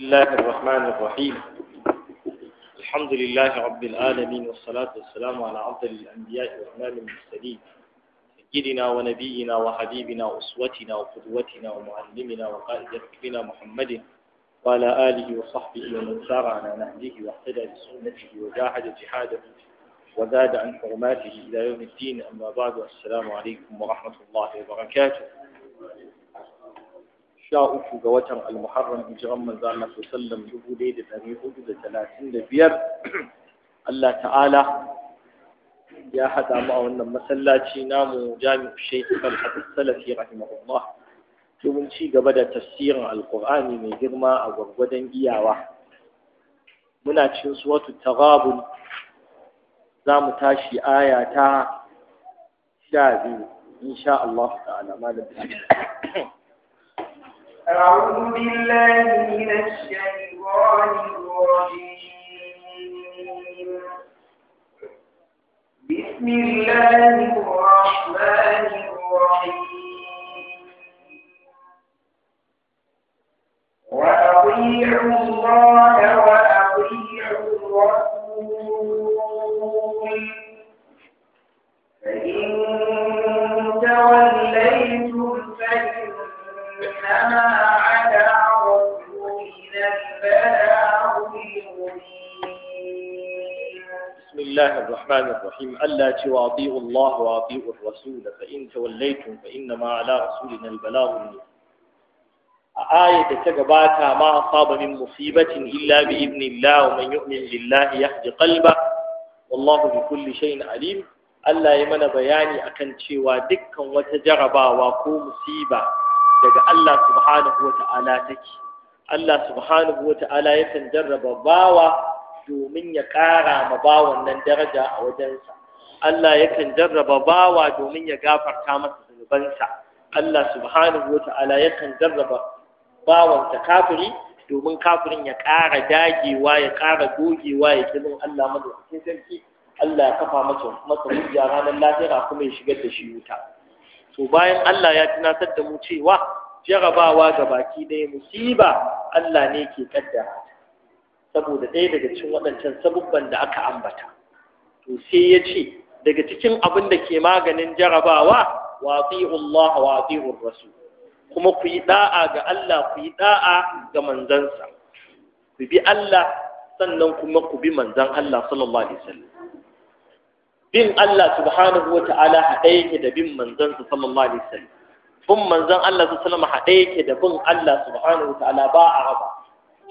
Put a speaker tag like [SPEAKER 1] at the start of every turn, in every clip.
[SPEAKER 1] بسم الله الرحمن الرحيم الحمد لله رب العالمين والصلاة والسلام على أفضل الأنبياء وإمام المرسلين سيدنا ونبينا وحبيبنا وأسوتنا وقدوتنا ومعلمنا وقائد ركبنا محمد وعلى آله وصحبه ومن سار على نهجه واهتدى بسنته وجاهد جهاده وزاد عن حرماته إلى يوم الدين أما بعد السلام عليكم ورحمة الله وبركاته sha uku ga watan almuharram hijiran manzo Allah sallam dubu ɗaya da ɗari hudu da talatin da biyar Allah ta'ala ya haɗa mu a wannan masallaci namu jami'u shaiti falhatu salafi rahimahullah domin ci gaba da tafsirin alkur'ani mai girma a gwargwadon iyawa muna cin suwatu taghabun za mu tashi aya ta sha biyu insha Allah ta'ala malam
[SPEAKER 2] أعوذ بالله من الشيطان الرجيم
[SPEAKER 3] بسم الله الرحمن
[SPEAKER 2] الرحيم وأطيعوا الله الله الرحمن الرحيم ألا وأطيعوا الله
[SPEAKER 1] وأطيعوا الرسول فإن توليتم فإنما على رسولنا البلاغ المبين آية تقباتها ما أصاب من مصيبة إلا بإذن الله ومن يؤمن بالله يهد قلبه والله بكل شيء عليم ألا يمن بياني أكن شوى دكا وتجربا وكو مصيبة daga Allah subhanahu wa ta'ala take Allah subhanahu wa ta'ala yakan jarraba bawa domin ya ƙara ma bawan nan daraja a wajensa Allah yakan jarraba bawa domin ya gafarta masa zunubansa Allah subhanahu wata'ala yakan jarraba bawan ta kafiri domin kafirin ya ƙara dagewa ya ƙara dogewa ya kirin Allah madaukakin sarki Allah ya kafa masa masa hujja ranar lahira kuma ya shigar da shi wuta to bayan Allah ya tunatar da mu cewa jarabawa ga baki ɗaya musiba Allah ne ke kaddara saboda ɗaya daga cikin waɗancan sabubban da aka ambata to sai ya ce daga cikin abin da ke maganin jarabawa wa Allah wa rasul kuma ku yi da'a ga Allah ku yi da'a ga manzansa ku bi Allah sannan kuma ku bi manzan Allah sallallahu alaihi wasallam bin Allah subhanahu wa ta'ala haɗe yake da bin manzansa sallallahu alaihi wasallam bin manzan Allah sallallahu alaihi wasallam haɗe yake da bin Allah subhanahu wa ta'ala ba a raba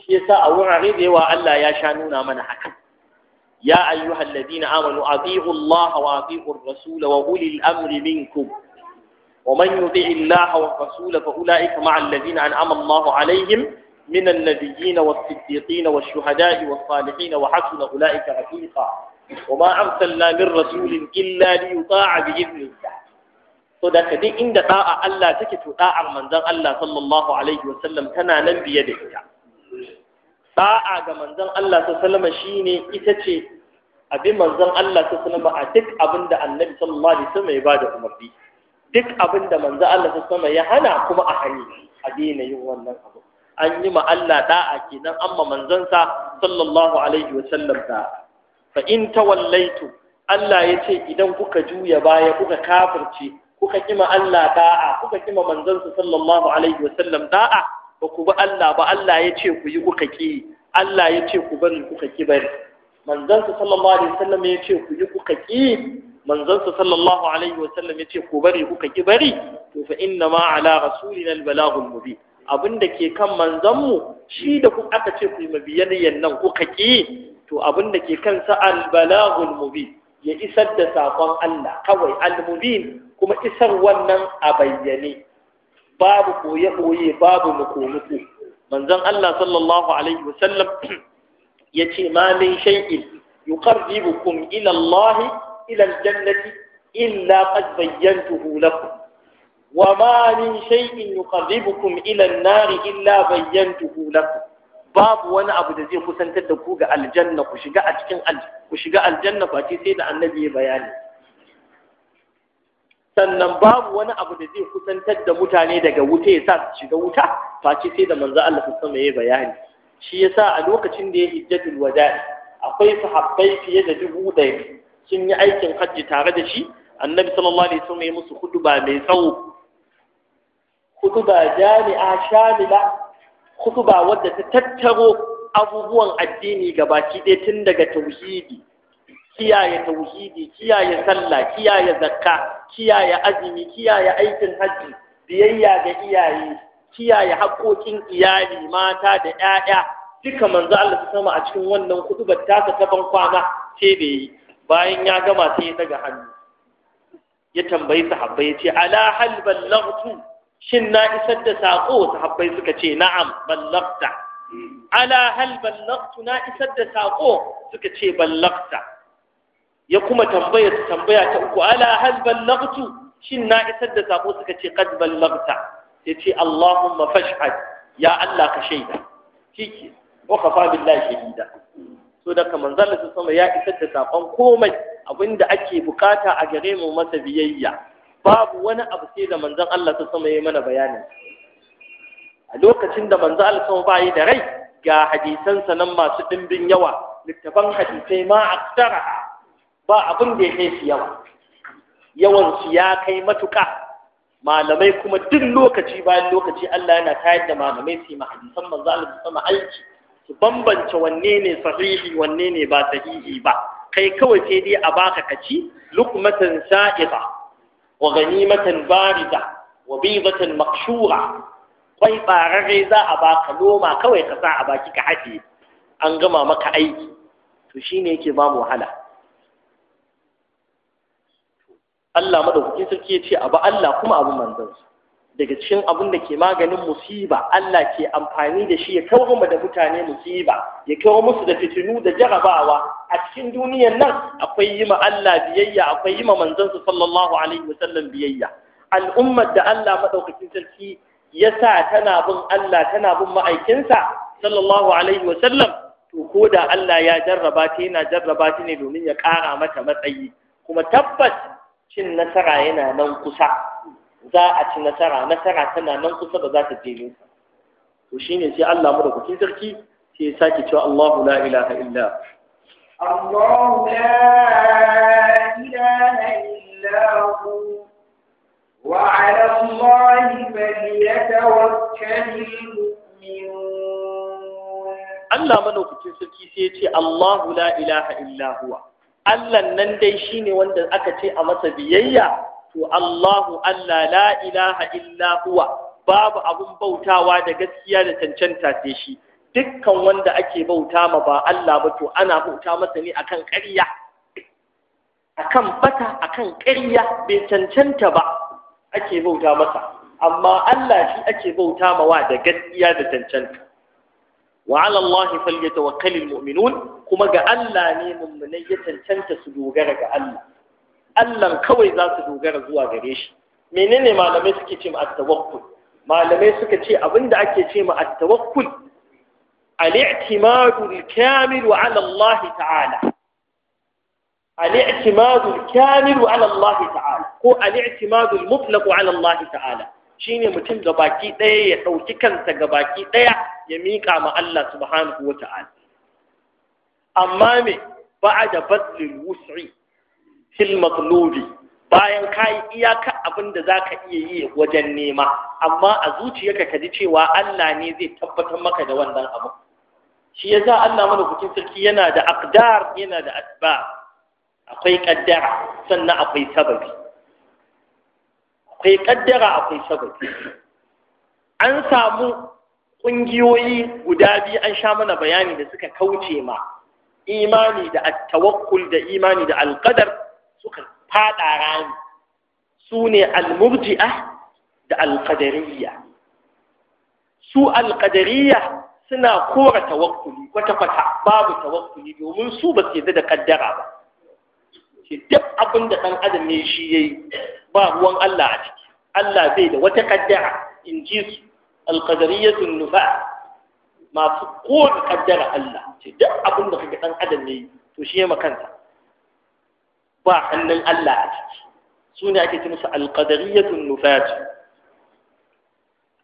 [SPEAKER 1] shi yasa a wurare da yawa Allah ya sha nuna mana haka ya ayyuhal ladina amanu abiu Allah wa abiu rasul wa ulil amri minkum wa man yuti Allah wa rasul fa ulaika ma'al ladina an'ama alaihim min an-nabiyyin was-siddiqin wash-shuhada'i was wa hasuna ulaika rafiqa wa ma arsalna min rasulin illa liyuta'a bi idnillah to da kadi inda da'a Allah take to da'ar manzon Allah sallallahu alaihi wasallam tana nan biye da ita da'a ga manzon Allah ta sallama shine ita ce abin manzon Allah ta a duk abin da annabi sallallahu alaihi wasallam ya bada umarni duk abin da manzon Allah ta ya hana kuma a hani a daina yin wannan abu an yi ma Allah da'a kenan amma manzon sa sallallahu alaihi wasallam da fa in tawallaitu Allah ya ce idan kuka juya baya kuka kafirce kuka kima Allah da'a kuka kima manzon sa sallallahu alaihi wasallam da'a ba ku bi Allah ba Allah ya ce ku yi kuka ki Allah ya ce ku bari kuka ki bari manzon sa sallallahu alaihi wasallam ya ce ku yi kuka ki manzon sa sallallahu alaihi wasallam ya ce ku bari kuka ki bari to fa inna ma ala rasulina al-balaghul mubin abin da ke kan manzanmu shi da kuka aka ce ku yi mabiyayyan nan kuka ki to abinda da ke kansa al-balaghul mubin ya isar da sakon Allah kawai al-mubin kuma isar wannan a bayyane babu koye-koye babu muku-muku manzon Allah sallallahu alaihi wasallam ya ce ma min shay'in yuqarribukum ila Allah ila aljannati illa qad bayyantuhu lakum wa ma min shay'in yuqarribukum ila an-nar illa bayyantuhu lakum babu wani abu da zai kusantar da ku ga aljanna ku shiga a cikin ku shiga aljanna ba ce sai da annabi ya bayani sannan babu wani abu da zai kusantar da mutane daga wuta ya sa su shiga wuta face sai da manzo Allah ta sama yayi bayani shi yasa a lokacin da ya hijjatul wada akwai sahabbai fiye da dubu ɗaya sun yi aikin hajji tare da shi annabi sallallahu alaihi wasallam ya musu khutba mai tsawo khutba jami'a shamila khutba wadda ta tattaro abubuwan addini gabaki ɗaya tun daga tauhidi kiyaye tauhidi kiyaye sallah kiyaye zakka kiyaye azumi kiyaye aikin hajji biyayya ga iyaye kiyaye haƙoƙin iyali mata da ƴaƴa duka manzo Allah sama a cikin wannan kutubar taka ta ban kwana ce da yi bayan ya gama sai ya daga hannu ya tambayi sahabbai ya ce ala hal ballaghtu shin na isar da saƙo sahabbai suka ce na'am ballaghta hmm. ala hal ballaghtu na isar da saƙo suka ce ballaghta ya kuma tambaya tambaya ta uku ala hal ballaghtu shin na isar da sako suka ce qad ballaghta ya ce allahumma fashhad ya allah ka shaida kike wa kafa billahi shahida so da kaman zalla sama ya isar da sakon komai abinda ake bukata a gare mu masa biyayya babu wani abu sai da manzon Allah ta sama yayi mana bayani a lokacin da manzon Allah sama ba yi da rai ga hadisansa nan masu dimbin yawa littafan hadisai ma aktara ba abin da ya kai su yawa yawan su ya kai matuƙa malamai kuma duk lokaci bayan lokaci Allah yana tayar da malamai su yi mahadisan manzo Allah sama aiki su bambance wanne ne sahihi wanne ne ba sahihi ba kai kawai sai dai a baka kaci lukmatan sa'iqa wa ghanimatan barida wa bidatan maqshura kai barare za a baka noma kawai ka sa a baki ka haɗe an gama maka aiki to shine yake ba mu wahala Allah maɗaukakin sarki ya ce abu Allah kuma abu manzansa daga cikin abin da ke maganin musiba Allah ke amfani da shi ya kawo mu da mutane musiba ya kawo musu da fitinu da jarabawa a cikin duniyar nan akwai yi ma Allah biyayya akwai yi ma manzansa sallallahu alaihi sallam biyayya al'ummar da Allah maɗaukakin sarki ya sa tana bin Allah tana bin ma'aikinsa sallallahu alaihi sallam. to ko da Allah ya jarraba ta yana jarraba ta ne domin ya ƙara mata matsayi kuma tabbas cin nasara yana nan kusa za a ci nasara nasara tana nan kusa ba za ta je nesa to shine sai Allah mu da kukin sarki sai ya sake cewa Allahu la ilaha illa
[SPEAKER 2] Allahu la ilaha illa hu wa ala Allahi falyatawakkalul mu'minun
[SPEAKER 1] Allah madaukakin sarki sai ya ce Allahu la ilaha illa huwa Allah nan dai shi ne wanda aka ce a masa biyayya to Allahu Allah la ilaha illa huwa babu abun bautawa da gaskiya da cancanta sai shi dukkan wanda ake bauta ma ba Allah ba to ana bauta masa ne akan ƙarya akan bata akan ƙarya bai cancanta ba ake bauta masa amma Allah shi ake bauta mawa da gaskiya da cancanta wa ala Allah falyatawakkalul mu'minun kuma ga Allah ne mummunai ya cancanta su dogara ga Allah Allah kawai za su dogara zuwa gare shi menene malamai suke ce ma at-tawakkul malamai suka ce abinda ake ce ma at-tawakkul al-i'timadu al-kamil ala Allah ko al-i'timadu al-mutlaq ala Allah ta'ala shine mutum da baki ɗaya ya ɗauki kansa ga baki ɗaya ya miƙa ma Allah subhanahu wa ta'ala amma me ba'da badlil wus'i fil bayan ka yi iyaka abin da za ka iya yi wajen nema amma a zuciyarka ka ji cewa Allah ne zai tabbatar maka da wannan abu shi ya sa Allah mana kucin sarki yana da akdar yana da asbab akwai ƙaddara sannan akwai sababi akwai kaddara akwai sababi an samu ƙungiyoyi guda biyu an sha mana bayani da suka kauce ma imani da attawakkul da imani da alƙadar suka faɗa rami su ne almurji'a da alƙadariya su alƙadariya suna kora tawakkuli kwata-kwata babu tawakkuli domin su ba su da kaddara ba ce duk abin da ɗan adam ne shi ya yi ba ruwan Allah a ciki Allah zai da wata kaddara in ji su alƙadariyatun nufa masu kowace kaddara Allah ce duk abin da kaga ɗan adam ne to shi ya makanta ba hannun Allah a ciki su ne ake ce musu alƙadariyatun nufati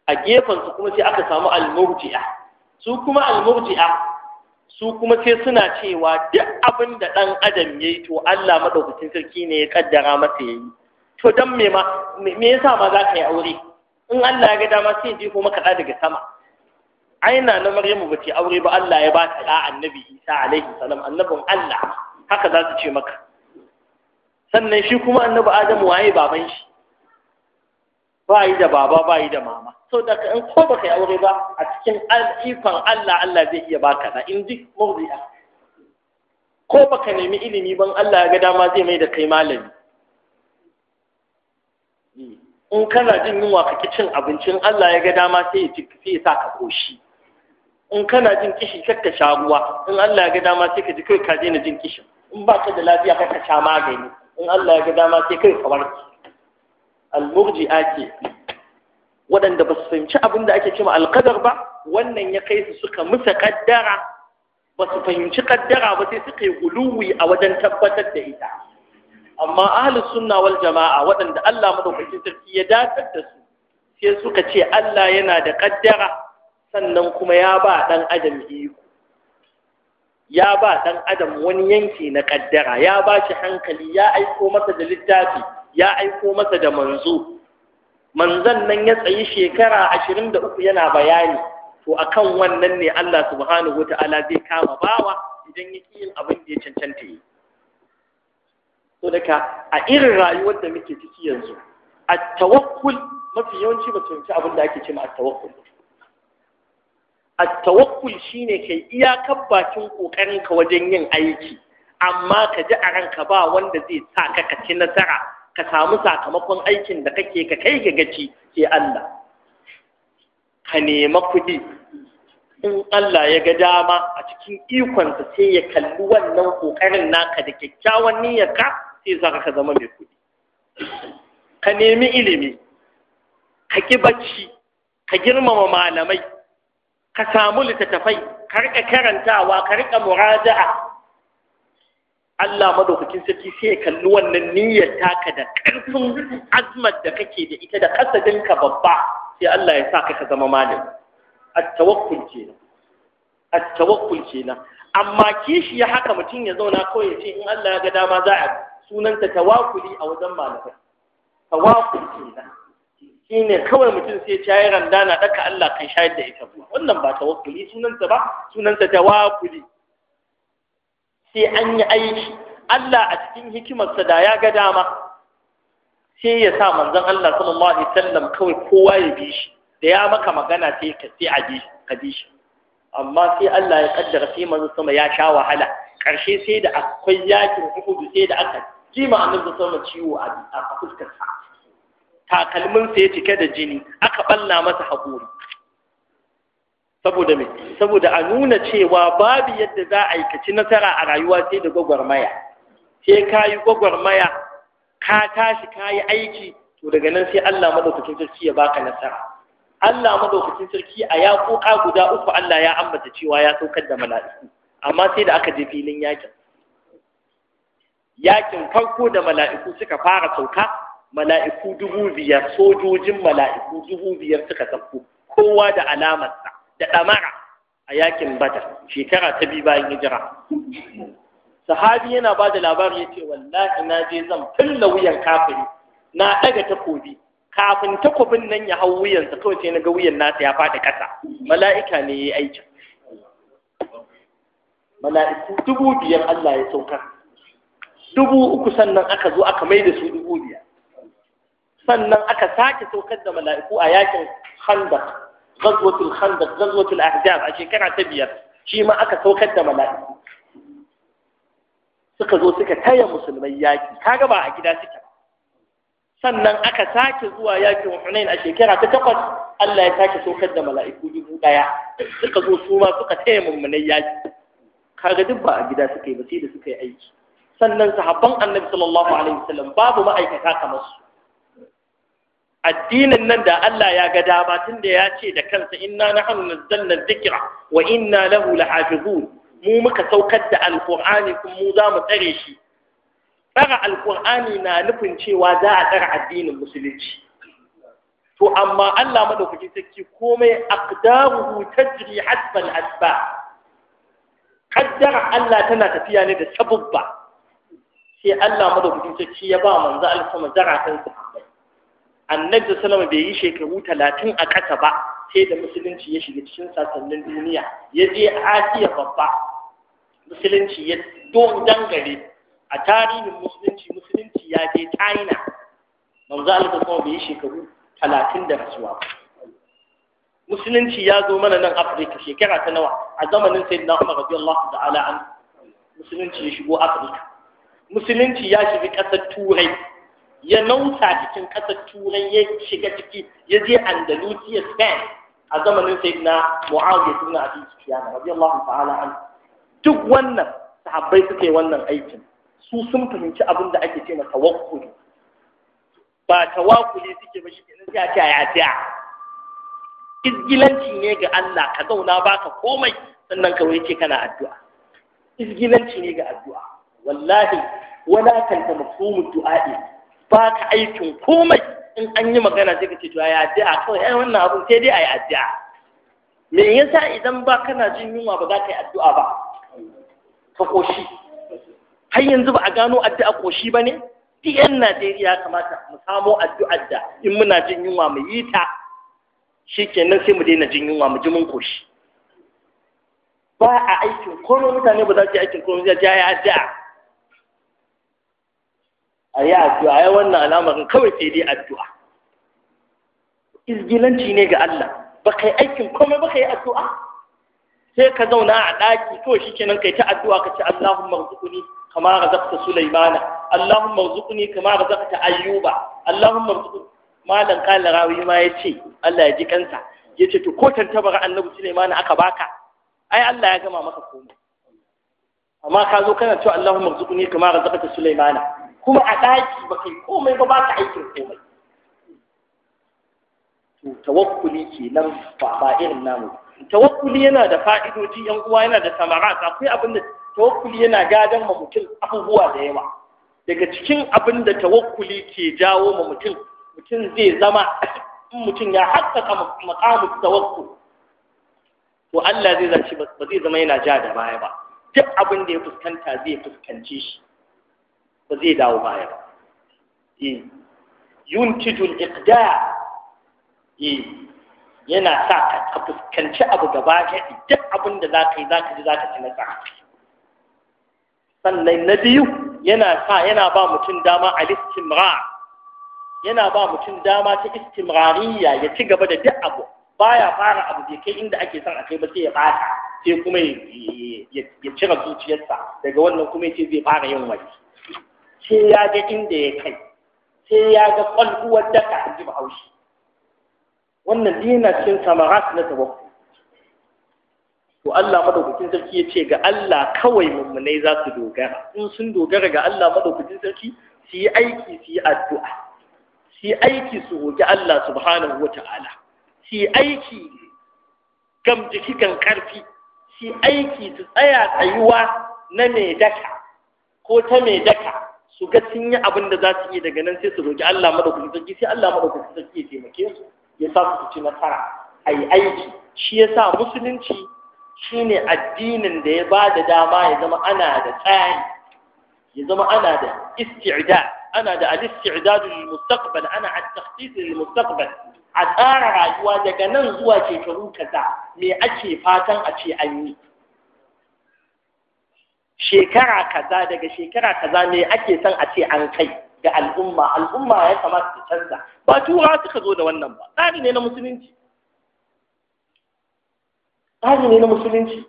[SPEAKER 1] a gefen su kuma sai aka samu almurji'a su kuma almurji'a su kuma sai suna cewa duk abin da ɗan adam ya yi to Allah maɗaukacin sarki ne ya ƙaddara masa ya yi to don me ma me yasa ma za ka yi aure in Allah ya ga dama sai ji ko maka daga sama aina na Maryamu ba ce aure ba Allah ya ba ta ɗa annabi Isa alaihi salam annabin Allah haka za su ce maka sannan shi kuma annabi Adamu waye baban shi ba yi da baba ba yi da mama so da in ko baka yi aure ba a cikin ikon Allah Allah zai iya baka da. in ji murdi'a ko baka nemi ilimi ban Allah ya ga dama zai mai da kai malami in kana jin yunwa ka ki cin abincin Allah ya ga dama sai ya sai ya koshi in kana jin kishi kar ka sha ruwa in Allah ya ga dama sai ka ji kai ka daina jin kishin in baka da lafiya kar ka sha magani in Allah ya ga dama sai kai ka warke al ake waɗanda ba su fahimci abin da ake cewa alkadar ba wannan ya kai su suka musa kaddara ba su fahimci kaddara ba sai suka yi guluwi a wajen tabbatar da ita amma ahlus sunna wal jama'a waɗanda Allah madaukakin sarki ya dakatar da su sai suka ce Allah yana da kaddara sannan kuma ya ba ɗan adam iko ya ba ɗan adam wani yanki na kaddara ya ba shi hankali ya aiko masa da littafi ya aiko masa da manzo Manzan nan ya tsayi shekara ashirin yana bayani to akan wannan ne Allah subhanahu wata'ala zai kama bawa idan ya yin abin da ya cancanta yi so daga a irin rayuwar da muke ciki yanzu at tawakkul mafi yawanci ba tunci abin da ake cewa at tawakkul at-tawakkul shine kai iyakar bakin kokarin ka wajen yin aiki amma kaji ji a ranka ba wanda zai sa ka ka ci nasara ka samu sakamakon aikin da kake ka kai ga gaci ke Allah
[SPEAKER 3] ka nema kuɗi
[SPEAKER 1] in Allah ya ga dama a cikin ikonsa sai ya kalli wannan ƙoƙarin naka da kyakkyawan niyyarka sai sa ka zama mai kuɗi ka nemi ilimi ka ki bacci ka girmama malamai ka samu littattafai ka riƙa karantawa ka riƙa muraja'a Allah madaukakin sarki sai ya kalli wannan niyyar taka da ƙarfin azmar da kake da ita da kasadinka babba sai Allah ya sa ka zama malam. at-tawakkul kenan at-tawakkul kenan amma kishi ya haka mutum ya zauna kawai ya ce in Allah ya ga dama za a sunanta tawakuli a wajen malamai tawakul kenan shine kawai mutum sai ya yi randa na daka Allah kan shayar da ita wannan ba tawakkuli sunanta ba sunanta tawakuli sai an yi aiki Allah a cikin hikimarsa da ya ga dama sai ya sa manzon Allah sallallahu alaihi wasallam kawai kowa ya bi shi da ya maka magana sai ka sai a bi shi amma sai Allah ya kaddara sai manzon sama ya sha wahala karshe sai da akwai yakin Uhud sai da aka jima annabi sallallahu sama ciwo a fuskarsa takalminsa ya cike da jini aka balla masa haƙuri saboda me saboda a nuna cewa babu yadda za a aikaci nasara a rayuwa sai da gwagwarmaya sai ka yi gwagwarmaya ka tashi ka yi aiki to daga nan sai Allah madaukakin sarki ya baka nasara Allah madaukakin sarki a koka guda uku Allah ya ambata cewa ya saukar da mala'iku amma sai da aka je filin yakin yakin farko da mala'iku suka fara sauka mala'iku dubu biyar sojojin mala'iku dubu biyar suka sauko kowa da alamarsa da ɗamara a yakin badar shekara ta biyu bayan hijira sahabi yana ba da labari ya ce wallahi na je zan fulla wuyan kafiri na ɗaga takobi kafin takobin nan ya hau wuyansa kawai sai na ga wuyan nasa ya faɗi ƙasa mala'ika ne ya yi aiki. mala'iku dubu biyar Allah ya saukar dubu uku sannan aka zo aka mai da su dubu biyar sannan aka sake saukar da mala'iku a yakin handak ghazwatul khandaq ghazwatul a shekara ta biyar shi aka saukar da mala'iku suka zo suka taya musulmai yaki kaga ba a gida suke sannan aka sake zuwa yakin Hunain a shekara ta takwas Allah ya sake saukar da mala'iku dubu ɗaya suka zo su ma suka taya mummunai yaki kaga duk ba a gida suka yi ba sai da suka yi aiki sannan sahabban Annabi sallallahu babu ma'aikata kamar su addinin nan da Allah ya ga dama tunda ya ce da kansa inna nahnu nazzalna dhikra wa inna lahu lahafizun mu muka saukar da alqur'ani kuma mu za mu tsare shi tsara alqur'ani na nufin cewa za a tsara addinin musulunci to amma Allah madaukaki sarki komai aqdaruhu tajri hasba al-asba qaddara Allah tana tafiya ne da sabubba sai Allah madaukaki sarki ya ba manzo alfa mazaratan sahabbai annabi sallama bai yi shekaru talatin a ƙasa ba sai da musulunci ya shiga cikin sassanin duniya ya je asiya babba musulunci ya don dangare a tarihin musulunci musulunci ya je china manzo Allah kuma bai yi shekaru talatin da rasuwa musulunci ya zo mana nan afirka shekara ta nawa a zamanin sayyidina umar Allah ta'ala an musulunci ya shigo afirka musulunci ya shiga ƙasar turai ya nauta cikin ƙasar turai ya shiga ciki ya je andalusiya spain a zamanin sai na mu'awiyya ibn ta'ala an duk wannan sahabbai suka yi wannan aikin su sun fahimci abin da ake ce na ba tawakkuli
[SPEAKER 2] suke ba shi
[SPEAKER 3] ne, sai a ce ya
[SPEAKER 1] izgilanci ne ga Allah ka zauna baka komai sannan ka wuce kana addu'a izgilanci ne ga addu'a wallahi wala kanta mafhumud du'a'i ba ka aikin komai in an yi magana sai ka ce to ya addu'a kawai ai wannan abun sai dai ai addu'a me yasa idan ba kana jin yunwa ba za ka yi addu'a ba ka koshi har yanzu ba a gano addu'a koshi ba ne duk Najeriya kamata mu samo addu'ar da in muna jin yunwa mu yi ta shi kenan sai mu daina jin yunwa mu ji mun koshi ba a aikin komai mutane ba za su yi aikin komai za su yi addu'a a yi addu'a ai wannan al'amarin kawai sai dai addu'a
[SPEAKER 2] izgilanci
[SPEAKER 1] ne ga Allah ba kai aikin komai ba kai addu'a sai ka zauna a ɗaki kawai shi kenan kai ta addu'a ka ce Allahumma rzuqni kama razaqta Sulaimana Allahumma rzuqni kama razaqta Ayyuba Allahumma rzuqni malam kala rawi ma ya ce Allah ya ji kansa ya ce to ko tantabar annabi Sulaimana aka baka ai Allah ya gama maka komai amma ka zo kana cewa Allahumma rzuqni kama razaqta Sulaimana kuma a ɗaki ba kai komai ba ba ka aikin komai to tawakkuli nan ba ba irin namu tawakkuli yana da fa'idoji yan uwa yana da samara akwai abin da tawakkuli yana gadon ma mutum abubuwa da yawa daga cikin abin da tawakkuli ke jawo ma mutum mutum zai zama in mutum ya haskaka maqamu tawakkul to Allah zai zaci ba zai zama yana ja da baya ba duk abin da ya fuskanta zai fuskance shi ba zai dawo baya ba eh, yuntijul iqda eh, yana sa ka fuskanci abu gaba gaɗi duk abin da za ka yi za ka ji za ka ci sannan na biyu yana sa yana ba mutum dama a listimra yana ba mutum dama ta istimrariya ya ci gaba da duk abu baya fara abu bai kai inda ake son a kai ba sai ya bata sai kuma ya cire zuciyarsa daga wannan kuma ya ce zai fara yin wani sai ya ga inda ya kai sai ya ga kwalkuwar daka a ji haushi wannan dina cin samarat na tawakkul to Allah madaukakin sarki ya ce ga Allah kawai mummunai za su dogara in sun dogara ga Allah madaukakin sarki su yi aiki su yi addu'a su yi aiki su roƙi Allah subhanahu wa ta'ala su yi aiki gam jiki kan ƙarfi su yi aiki su tsaya tsayuwa na mai daka ko ta mai daka su ga sun yi abin da za su yi daga nan sai su roƙi Allah madaukakin sarki sai Allah madaukakin sarki ya taimake su ya sa su ci nasara A yi aiki shi ya sa musulunci shi ne addinin da ya ba da dama ya zama ana da tsari ya zama ana da isti'da ana da al-isti'dad lil mustaqbal ana at-takhsis lil mustaqbal a tsara rayuwa daga nan zuwa shekaru kaza me ake fatan a ce an yi shekara kaza daga shekara kaza ne ake son a ce an kai ga al'umma al'umma ya kamata ta canza ba tura suka zo da wannan ba tsari ne na musulunci tsari ne na musulunci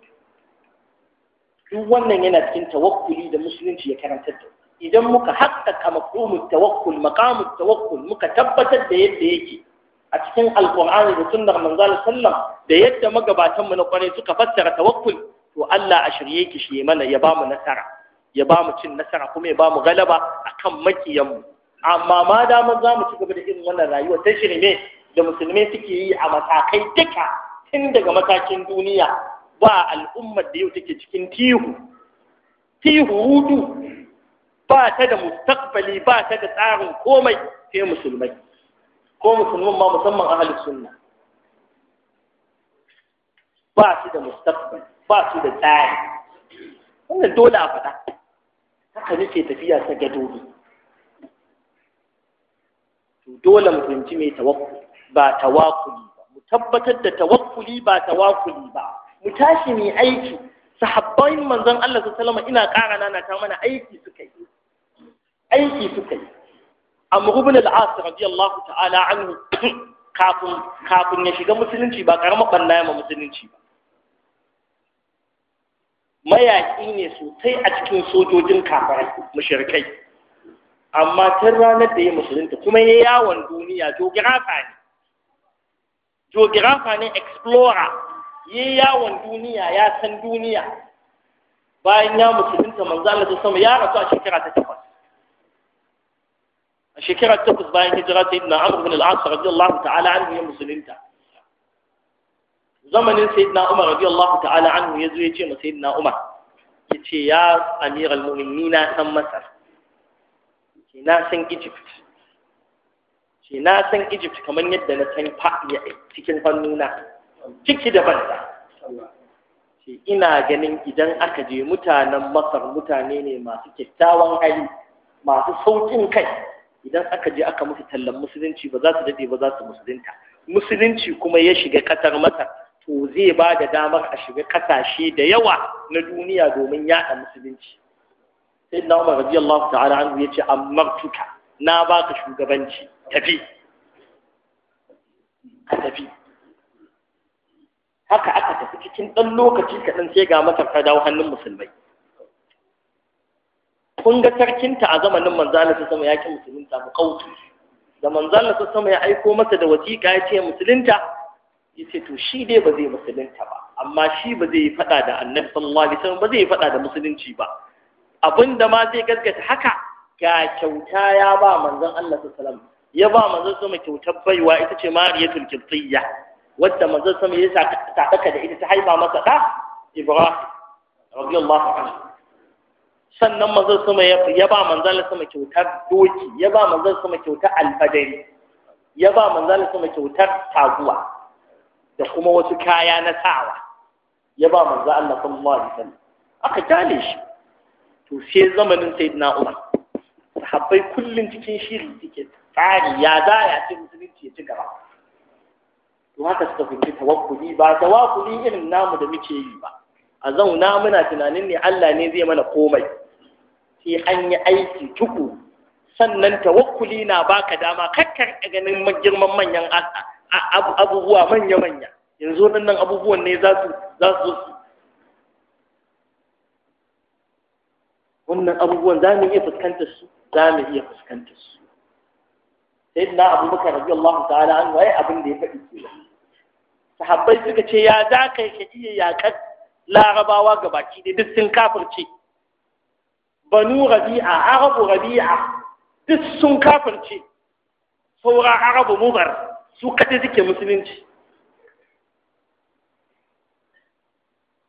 [SPEAKER 1] duk wannan yana cikin tawakkuli da musulunci ya karantar da idan muka haƙƙaƙa maqamut tawakkul makamun tawakkul muka tabbatar da yadda yake a cikin alqur'ani da sunnar manzala sallam da yadda magabatanmu na kwarai suka fassara tawakkul to Allah a shirye ki shi mana ya ba mu nasara ya ba mu cin nasara kuma ya ba mu galaba akan makiyanmu amma ma dama za mu ci gaba da irin wannan rayuwa ta shirme da musulmai suke yi a matakai duka tun daga matakin duniya ba al'ummar da yau take cikin tihu
[SPEAKER 2] tihu hudu
[SPEAKER 1] ba ta da mustaqbali ba ta da tsarin komai sai musulmai ko musulmin ma musamman ahlus sunna ba su da mustaqbali ba su da tsari wannan dole a faɗa haka nake tafiya ta gadodi dole mu fahimci mai tawakkuli ba tawakkuli ba mu tabbatar da tawakkuli ba tawakkuli ba mu tashi mai aiki sahabbain manzon Allah su salama, ina ƙara nana ta mana aiki suka yi aiki suka yi amma ibn al-as radiyallahu ta'ala anhu kafin kafin ya shiga musulunci ba karamar banna ya musulunci ba mayaƙi ne sosai a cikin sojojin kafirai mashirkai amma tun ranar da ya musulunta kuma ya yawon duniya jogirafa ne jogirafa ne explorer ya yawon duniya ya san duniya bayan ya musulunta manzana ta sama ya rasu a shekara ta takwas a shekara ta takwas bayan hijira yi na ibn al-As radiyallahu ta'ala an ya musulunta zamanin sayyidina Umar radiyallahu ta'ala anhu yazo yace ma sayyidina Umar yace ya amiral mu'minin na san Masar ce na san Egypt ce na san Egypt kamar yadda na san cikin hannuna ciki da banza ce ina ganin idan aka je mutanen Masar mutane ne masu kyakkyawan hali masu saukin kai idan aka je aka musu tallan musulunci ba za su dade ba za su musulunta musulunci kuma ya shiga ƙasar Masar to zai ba da damar a shiga kasashe da yawa na duniya domin yaɗa musulunci sai na umar radiyallahu ta'ala an ya ce Tuka na ka shugabanci tafi ka tafi haka aka tafi cikin ɗan lokaci kaɗan sai ga masar ta dawo hannun musulmai kun ga sarkinta a zamanin manzala ta sama ya ki musulunta mu kautu da manzala ta sama ya aiko masa da wasiƙa ya ce musulunta yace to shi dai ba zai musulunta ba amma shi ba zai yi fada da annabi sallallahu alaihi wasallam ba zai da musulunci ba abinda ma zai gaskata haka ga kyauta ya ba manzon Allah sallallahu alaihi wasallam ya ba manzon sama kyautar baiwa ita ce mariyatul qibtiyya wadda manzon sama ya da ita ta haifa masa da ibrahim radiyallahu anhu sannan manzon sama ya ba manzon sama kyautar doki ya ba manzon sama kyautar alfadari ya ba manzon sama kyautar taguwa da kuma wasu kaya na sawa ya ba manzo Allah sallallahu alaihi wasallam aka tale shi to sai zamanin sayyidina Umar sahabbai kullun cikin shiri suke tsari ya da ya ce musulunci ya ci gaba to haka suka fiti tawakkuli ba tawakkuli irin namu da muke yi ba a zauna muna tunanin ne Allah ne zai mana komai sai an yi aiki tuku sannan tawakkuli na baka dama kakkar ganin girman manyan Allah abubuwa manya-manya yanzu waɗannan abubuwan ne za su za su wannan abubuwan za mu iya fuskantar su za mu iya fuskantar su sai na abubakar rabi Allah ta'ala an waye abin da ya faɗi ke sahabbai suka ce ya za ka yi iya yakar larabawa ga baki dai duk sun kafirce banu rabi'a arabu rabi'a duk sun kafirce saura arabu mubar su kaɗai suke musulunci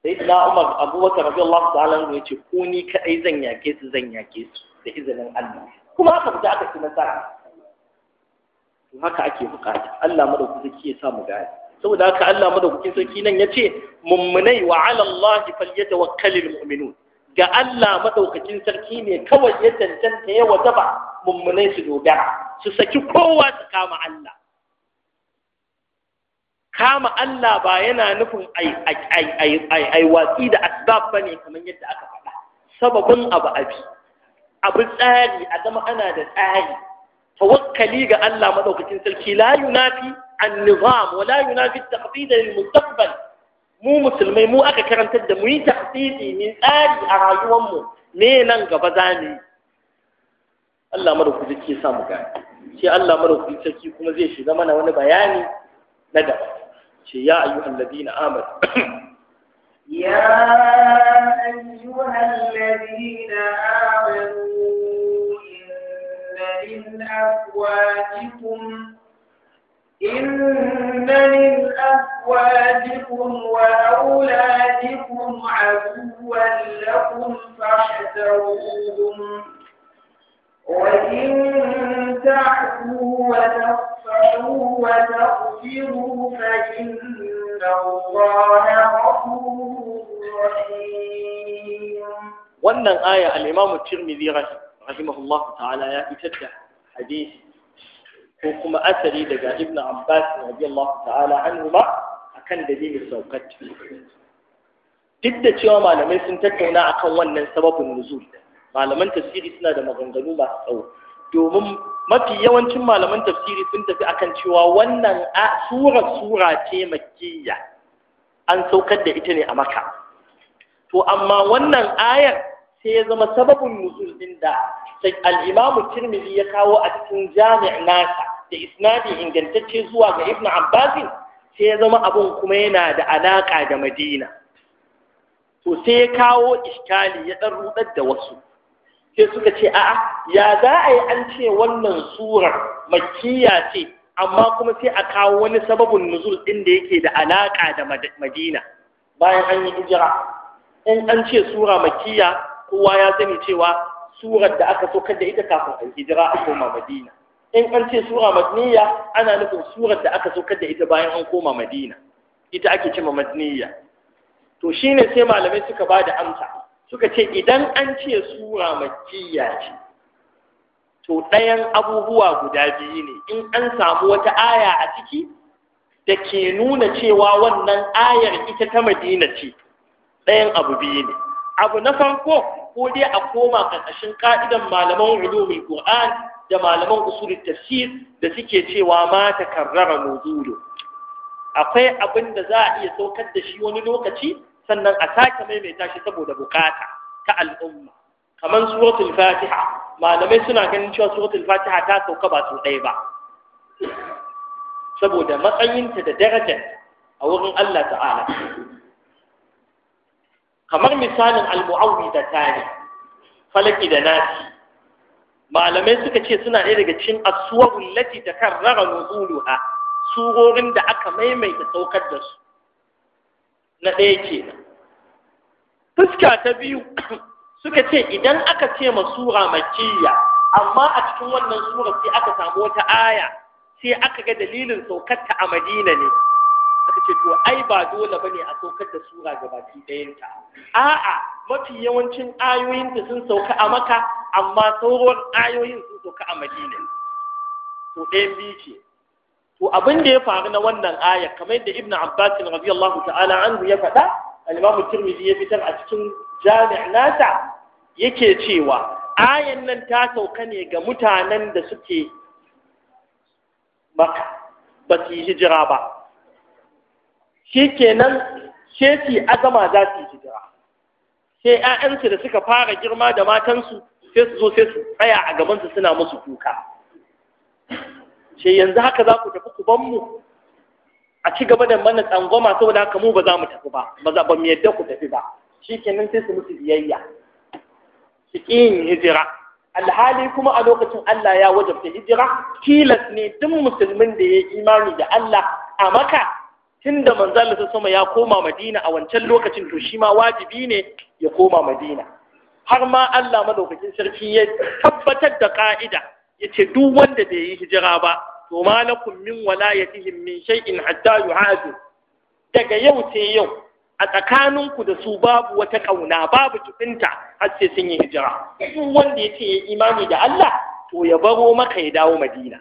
[SPEAKER 1] sai na umar abubakar rabi Allah ta'ala ya ce ko ni kaɗai zan yake su zan yake su da izinin Allah kuma haka fita aka ci nasara to haka ake bukata Allah madaukaki sarki ya sa mu gane saboda haka Allah madaukakin sarki nan ya ce mummunai wa ala Allah falyatawakkalul mu'minun ga Allah madaukakin sarki ne kawai ya tantance ya wajaba mummunai su dogara su saki kowa su kama Allah kama Allah ba yana nufin ai watsi da asbab ba ne kamar yadda aka faɗa sababin abu abi abu tsari a zama ana da tsari tawakkali ga Allah madaukakin sarki la yunafi an-nizam wa la yunafi at-taqdid lil-mustaqbal mu musulmai mu aka karantar da mu yi taqdidi min tsari a rayuwar mu me nan gaba za zamu Allah madaukakin sarki ya samu gani sai Allah madaukakin sarki kuma zai shiga mana wani bayani na gaba يا أيها الذين آمنوا
[SPEAKER 2] يا أيها الذين آمنوا إن من أفواجكم إن من أفواجكم وأولادكم عدوا لكم فاحذروهم وإن تعفوا وتصفوا ترفعوا وتغفروا فإن الله غفور wannan aya
[SPEAKER 1] al-Imam Tirmidhi rahimahullah ta'ala ya fitar da hadisi ko kuma asali daga Ibn Abbas radiyallahu ta'ala anhu a kan dalilin saukat duk da cewa malamai sun tattauna akan wannan sababin nuzul malaman tasiri suna da maganganu masu tsawo domin mafi yawancin malaman tafsiri sun tafi akan cewa wannan a sura sura ce makiyya an saukar da ita ne a maka to amma wannan ayar sai ya zama sababin nuzul din da al-Imam Tirmidhi ya kawo a cikin Jami' nasa da isnadi ingantacce zuwa ga Ibn Abbas sai ya zama abun kuma yana da alaƙa da Madina to sai ya kawo iskali ya dan rudar da wasu sai suka ce a'a ya za a yi an ce wannan surar makiyya ce amma kuma sai a kawo wani sababin nuzul ɗin da yake da alaƙa da madina bayan an yi hijira in an ce sura makiyya kowa ya sani cewa surar da aka saukar da ita kafin a hijira a koma madina in an ce sura madaniya ana nufin surar da aka saukar da ita bayan an koma madina ita ake cewa madaniya to shine sai malamai suka ba da amsa suka ce idan an ce sura makkiya ce to ɗayan abubuwa guda biyu ne in an samu wata aya a ciki da ke nuna cewa wannan ayar ita ta madina ce ɗayan abu biyu ne abu na farko ko dai a koma ƙarƙashin ƙa'idan malaman ulumul qur'an da malaman usul tafsir da suke cewa ma karrara nuzulu akwai abin da za a iya saukar da shi wani lokaci sannan a sake maimaita shi saboda bukata ta al'umma kamar suratul fatiha malamai suna ganin cewa suratul fatiha ta sauka ba su ɗaya ba saboda matsayinta da darajar a wurin Allah ta'ala kamar misalin al-mu'awwi da tani falaki da nasi malamai suka ce suna ɗaya daga cikin asuwarun lati da kan rara nuzuluha surorin da aka maimaita saukar da su na ɗaya ke. fuska ta biyu suka ce idan aka ce ma sura makiyya amma a cikin wannan sura sai aka samu wata aya sai aka ga dalilin saukarta a madina ne aka ce to ai ba dole ba ne a saukar da sura ga baki ɗayanta a'a mafi yawancin ayoyinta sun sauka a maka amma sauran ayoyin sun sauka a madina to ɗayan biyu ke to abin da ya faru na wannan aya kamar yadda ibnu abbas radiyallahu ta'ala anhu ya faɗa al-imam tirmidhi ya fitar a cikin jami' nata yake cewa ayan nan ta sauka ne ga mutanen da suke maka ba su yi hijira ba shi kenan sheti azama za su yi hijira sai 'ya'yansu da suka fara girma da matansu sai su zo sai su tsaya a gabansu suna musu kuka ce yanzu haka za ku tafi ku ban mu a ci gaba da mana tsangwama saboda haka mu ba za mu tafi ba ba za ba mu yadda ku tafi ba shikenan sai su musu biyayya su yin hijira alhali kuma a lokacin Allah ya wajabta hijira tilas ne duk musulmin da ya yi imani da Allah a maka tunda manzon Allah sama ya koma Madina a wancan lokacin to shi ma wajibi ne ya koma Madina har ma Allah madaukakin sarki ya tabbatar da ka'ida yace duk wanda bai yi hijira ba to malakum min walayatihim min shay'in hatta yuhadu daga yau ce yau a tsakaninku da su babu wata ƙauna babu tufinta har sai sun yi hijira duk wanda ya yace ya imani da Allah to ya baro maka ya dawo Madina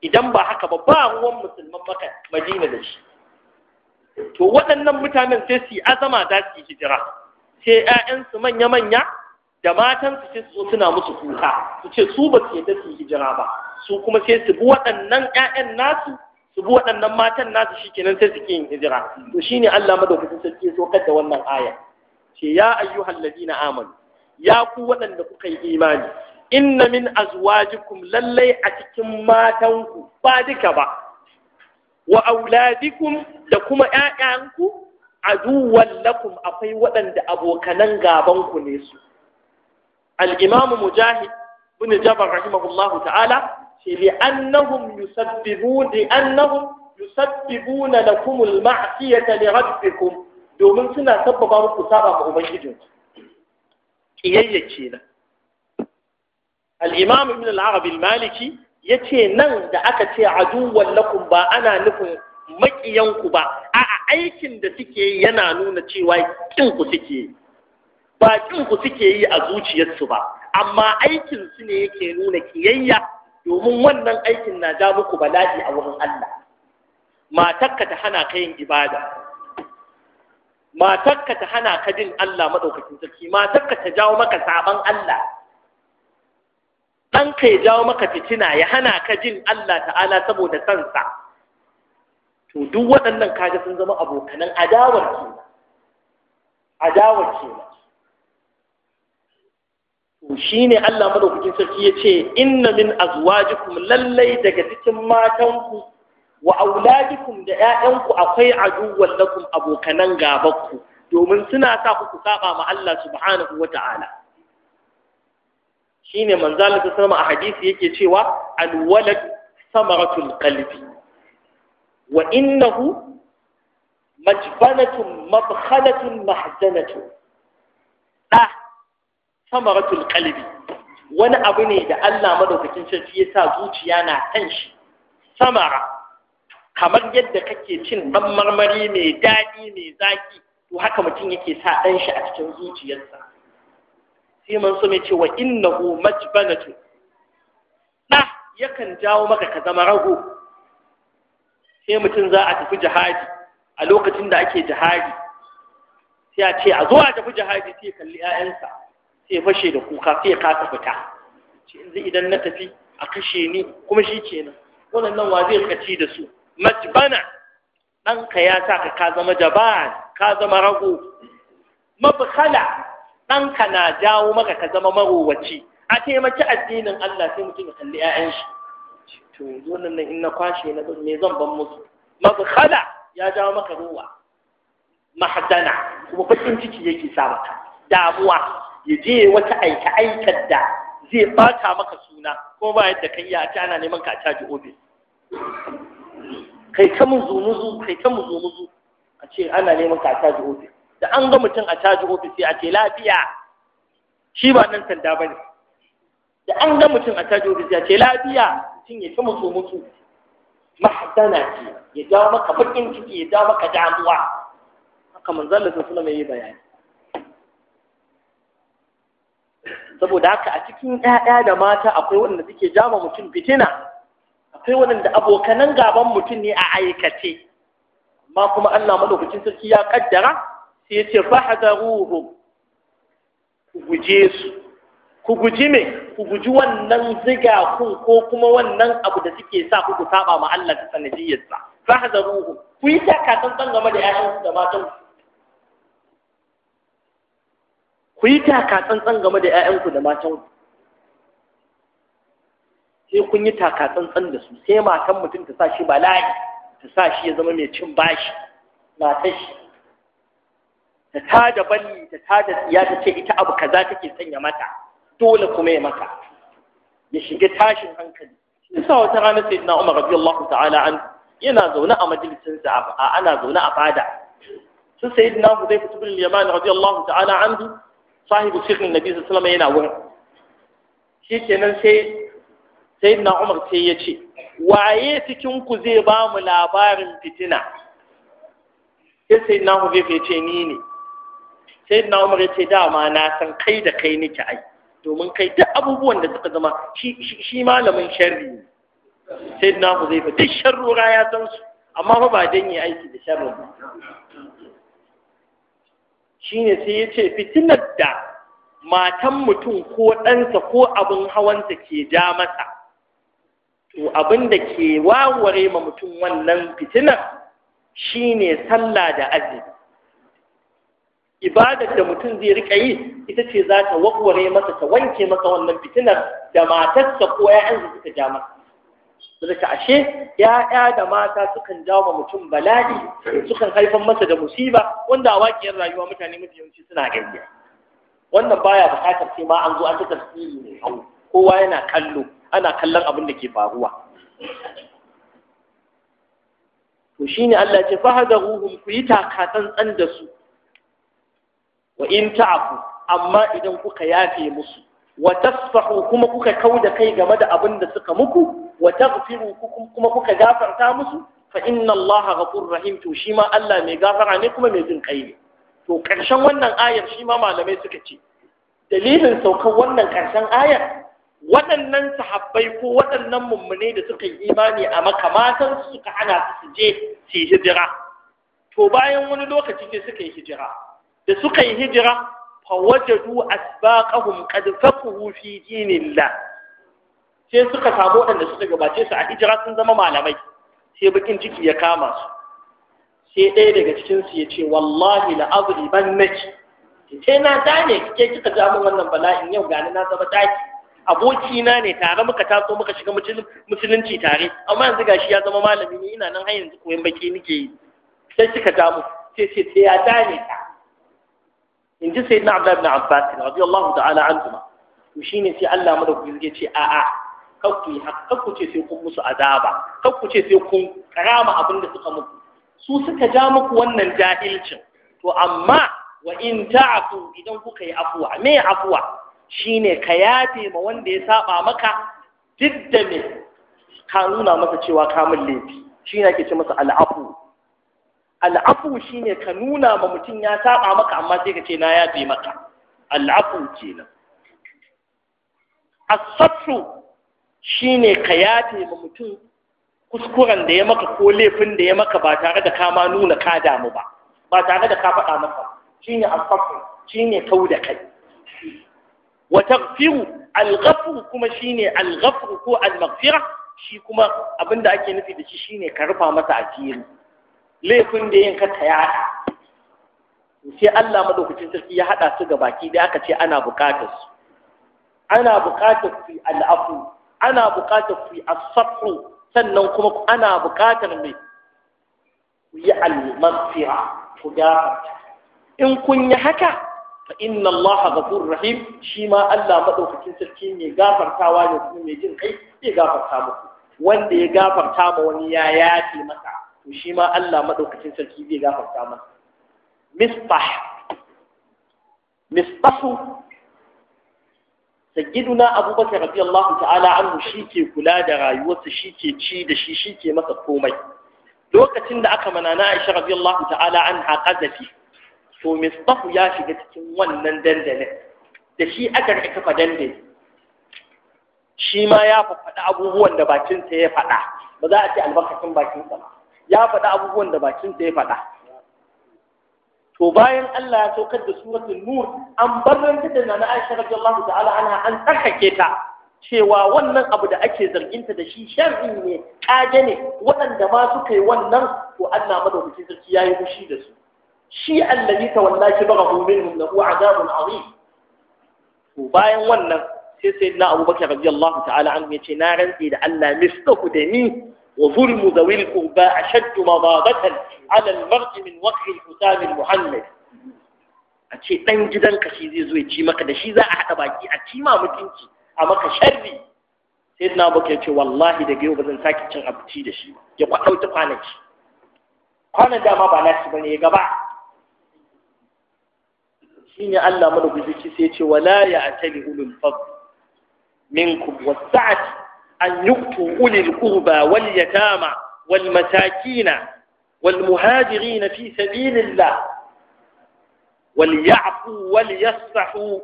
[SPEAKER 1] idan ba haka ba ba ruwan musulman maka Madina da shi to waɗannan mutanen sai su yi azama za su yi hijira sai 'ya'yansu manya-manya da matan su ce su suna musu kuka su ce su ba su yadda su hijira ba su kuma sai su bi waɗannan ƴaƴan nasu su bi waɗannan matan nasu shikenan sai su ke yin hijira to shine Allah madaukakin sarki ya saukar da wannan aya ce ya ayyuhal ladina amanu ya ku waɗanda kuka yi imani inna min azwajikum lallai a cikin matanku ba duka ba wa auladikum da kuma ƴaƴanku aduwwan lakum akwai waɗanda abokanan gabanku ne su al-imam mujahid ibn jabr rahimahullahu ta'ala ce li'annahum yusabbibun li'annahum yusabbibuna lakum al-ma'siyata li rabbikum domin suna sabbaba muku saba ma ubangijinku kiyayya kenan al-imam ibn al-arabi al-maliki yace nan da aka ce aduwwan lakum ba ana nufin makiyanku ba a'a aikin da suke yana nuna cewa kin ku suke baƙin ku suke yi a zuciyarsu ba amma aikin su ne yake nuna kiyayya domin wannan aikin na ja muku bala'i a wurin Allah matakka ta hana ka yin ibada matakka ta hana ka jin Allah maɗaukakin sarki matakka ta jawo maka saban Allah Dan ya jawo maka fitina ya hana ka jin Allah ta'ala saboda sansa to duk waɗannan kaga sun zama abokanan adawar kenan adawar kenan shi ne Allah madaukakin sarki ya ce inna min azwajikum lallai daga cikin matanku wa auladikum da 'ya'yanku akwai aduwwan lakum abokanan gabanku domin suna sa ku ku saba ma Allah subhanahu wata'ala shine manzo Allah sallallahu a hadisi yake cewa alwalad samaratul qalbi wa innahu majbanatun mabkhalatun mahzanatun da ah, samaratul qalbi wani abu ne da Allah madaukakin sarki ya sa zuciya na kan shi samara kamar yadda kake cin dan marmari mai daɗi mai zaki to haka mutum yake sa ɗan shi a cikin zuciyarsa sai man so mai ce wa innahu majbanatu da yakan jawo maka ka zama rago sai mutum za a tafi jihadi a lokacin da ake jihadi sai a ce a zo a tafi jihadi sai kalli 'ya'yansa sai fashe da kuka sai ya kasa fita ce yanzu idan na tafi a kashe ni kuma shi kenan waɗannan wa zai kaci da su majbana ɗanka ya sa ka ka zama jaban ka zama rago mabkhala ɗanka na jawo maka ka zama marowaci a taimaki addinin Allah sai mutum ya kalli 'ya'yan shi to wannan nan in na kwashe na me zan ban musu mabkhala ya jawo maka ruwa mahadana kuma bakin ciki yake sa maka damuwa ya je wata aika aikar da zai bata maka suna ko ba yadda kan yi a ana neman ka caji ofis kai ta muzumuzu kai ta muzumuzu a ce ana neman ka caji ofis da an ga mutum a caji ofis sai a ce lafiya shi ba nan sanda ba ne da an ga mutum a caji ofis a ce lafiya mutum ya ta muzumuzu mahadana ce ya dawo maka bakin ciki ya dawo maka damuwa haka manzon sun suna mai yi bayani saboda haka a cikin ƴaƴa da mata akwai waɗanda suke jama mutum fitina akwai waɗanda abokanan gaban mutum ne a aikace amma kuma Allah madaukakin sarki ya kaddara sai ya ce ruhu, ku guje su ku guji me ku guji wannan ziga kun ko kuma wannan abu da suke sa ku ku saba ma Allah ta sanadiyyarsa ruhu!" ku yi taka tsantsan game da ƴaƴansu da matansu ku yi taka tsantsan game da 'ya'yanku da matan ku. sai kun yi taka tsantsan da su sai matan mutum ta sa shi bala'i ta sa shi ya zama mai cin bashi matar shi ta tada balli ta tada tsiya ta ce ita abu kaza take sanya mata
[SPEAKER 3] dole kuma ya
[SPEAKER 1] mata ya shiga tashin hankali shi sa wata rana sai na Umar radiyallahu ta'ala an yana zaune a majalisin sa ana zaune a fada su sayyidina Hudayfa ibn al-Yaman radiyallahu ta'ala anhu sahibu sirrin nabi sallallahu alaihi yana wurin shikenan sai sayyidina umar sai ya ce waye cikin ku zai ba mu labarin fitina sai sayyidina umar yace ce ni ne sayyidina umar ya ce dama na san kai da kai niki ai domin kai duk abubuwan da suka zama shi malamin sharri ne sayyidina umar zai fi duk sharrura ya san su amma fa ba dan yi aiki da sharri shine sai ya ce fitinar da matan mutum ko ɗansa ko abin hawansa ke ja masa to abin da ke wawware ma mutum wannan fitinar shine sallah da azumi ibadar da mutum zai rika yi ita ce za ta wawware masa ta wanke masa wannan fitinar da matarsa ko 'ya'yansa suka ja masa zaka ashe ‘ya'ya da mata sukan jawo ma mutum bala'i sukan haifar masa da musiba wanda a wakiyar rayuwa mutane mafi yawanci suna gani wannan baya bukatar sai ma an zo an ta tafsiri ne kowa yana kallo ana kallon abin da ke faruwa to shine Allah ce fahadaruhum ku yi taka tsantsan da su wa in ta'fu amma idan kuka yafe musu wa tasfahu kuma kuka kauda kai game da abin da suka muku wa taghfiru kuma kuka gafarta musu fa inna Allah ghafurur rahim to shi ma Allah mai gafara ne kuma mai jin kai ne to wannan ayar shima malamai suka ce dalilin saukar wannan karshen ayar waɗannan sahabbai ko waɗannan mummune da suka yi imani a makamatan suka hana su je su yi hijira to bayan wani lokaci ne suka yi hijira da suka yi hijira fawajadu asbaqahum qad faqahu fi dinillah sai suka samu waɗanda suka gabace su a hijira sun zama malamai sai bakin ciki ya kama su sai ɗaya daga cikinsu ya ce wallahi la azri ban naci sai na ne kike kika ja min wannan bala'in yau gani na zama daki aboki na ne tare muka taso muka shiga musulunci tare amma yanzu gashi ya zama malami ne ina nan har yanzu koyon baki nake yi sai kika ja mu sai sai sai ya dane ta in ji sai na abdullahi ibn abbas radiyallahu ta'ala anhuma to shine sai Allah madaukakin ya ce a'a kakku yi ce sai kun musu azaba kakku ce sai kun karama abin da suka muku su suka ja muku wannan jahilcin to amma wa in ta'fu idan kuka yi afuwa me afuwa shine ka yafe ma wanda ya saba maka duk da me ka nuna masa cewa ka mun laifi shine ake ce masa al'afu al'afu shine ka nuna ma mutum ya saba maka amma sai ka ce na yafe maka al'afu kenan as-satru Shi ne ka yafe ma mutum kuskuren da ya maka ko laifin da ya maka ba tare da kama nuna ka damu ba ba tare da ka faɗa maka Shi alfafu shi ne kau da kai wa firu, al kuma shi al-ghafr ko al shi kuma abinda ake nufi da shi shine ka rufa masa asiri laifin da yin ka tayata sai Allah madaukakin sarki ya haɗa su ga baki da aka ce ana buƙatar su ana buƙatar su al'afu ana buƙatar ku yi asafu sannan kuma ana buƙatar mai ku yi almasira ku gafarta in kun yi haka fa inna Allah ghafurur rahim shi ma Allah madaukakin sarki ne gafartawa ne kuma mai jin kai zai gafarta muku wanda ya gafarta ma wani ya yafe masa to shi ma Allah madaukakin sarki zai gafarta masa misbah misbahu sayyiduna abubakar radiyallahu ta'ala anhu shike kula da rayuwarsa shike ci da shi shike masa komai lokacin da aka mana na Aisha radiyallahu ta'ala anha qadafi to misbahu ya shiga cikin wannan dandalin da shi aka rika kafa dandali shi ma ya faɗa abubuwan da bakinsa ya faɗa ba za a ce albarkacin bakinsa ba ya faɗa abubuwan da bakinsa ya faɗa to bayan Allah ya saukar da suratul nur an barranta da nana Aisha radiyallahu ta'ala anha an tsarkake ta cewa wannan abu da ake zarginta da shi sharri ne kage ne waɗanda ma suka yi wannan to Allah madaukakin sarki yayi fushi da su shi allazi tawalla kibarahu minhum lahu azabun azim to bayan wannan sai sayyidina Abubakar radiyallahu ta'ala anhu ya ce na rantsi da Allah misdaku da ni وظلم ذوي a أشد مضاضة على المرء من وقع الحسام المحمد a ce ɗan gidanka shi zai zo ya ci maka da shi za a haɗa baki a ci ma mutunci a maka sharri sai na baka ya ce wallahi daga yau ba zan sake cin abinci da shi ya kwaɗauta kwanaki kwanan dama ba nashi bane ya gaba shine Allah mana guzuki sai ya ce wala ya atali ulul fadl minkum wasa'ati أن يؤتوا أولي القربى واليتامى والمساكين والمهاجرين في سبيل الله وليعفوا وليصفحوا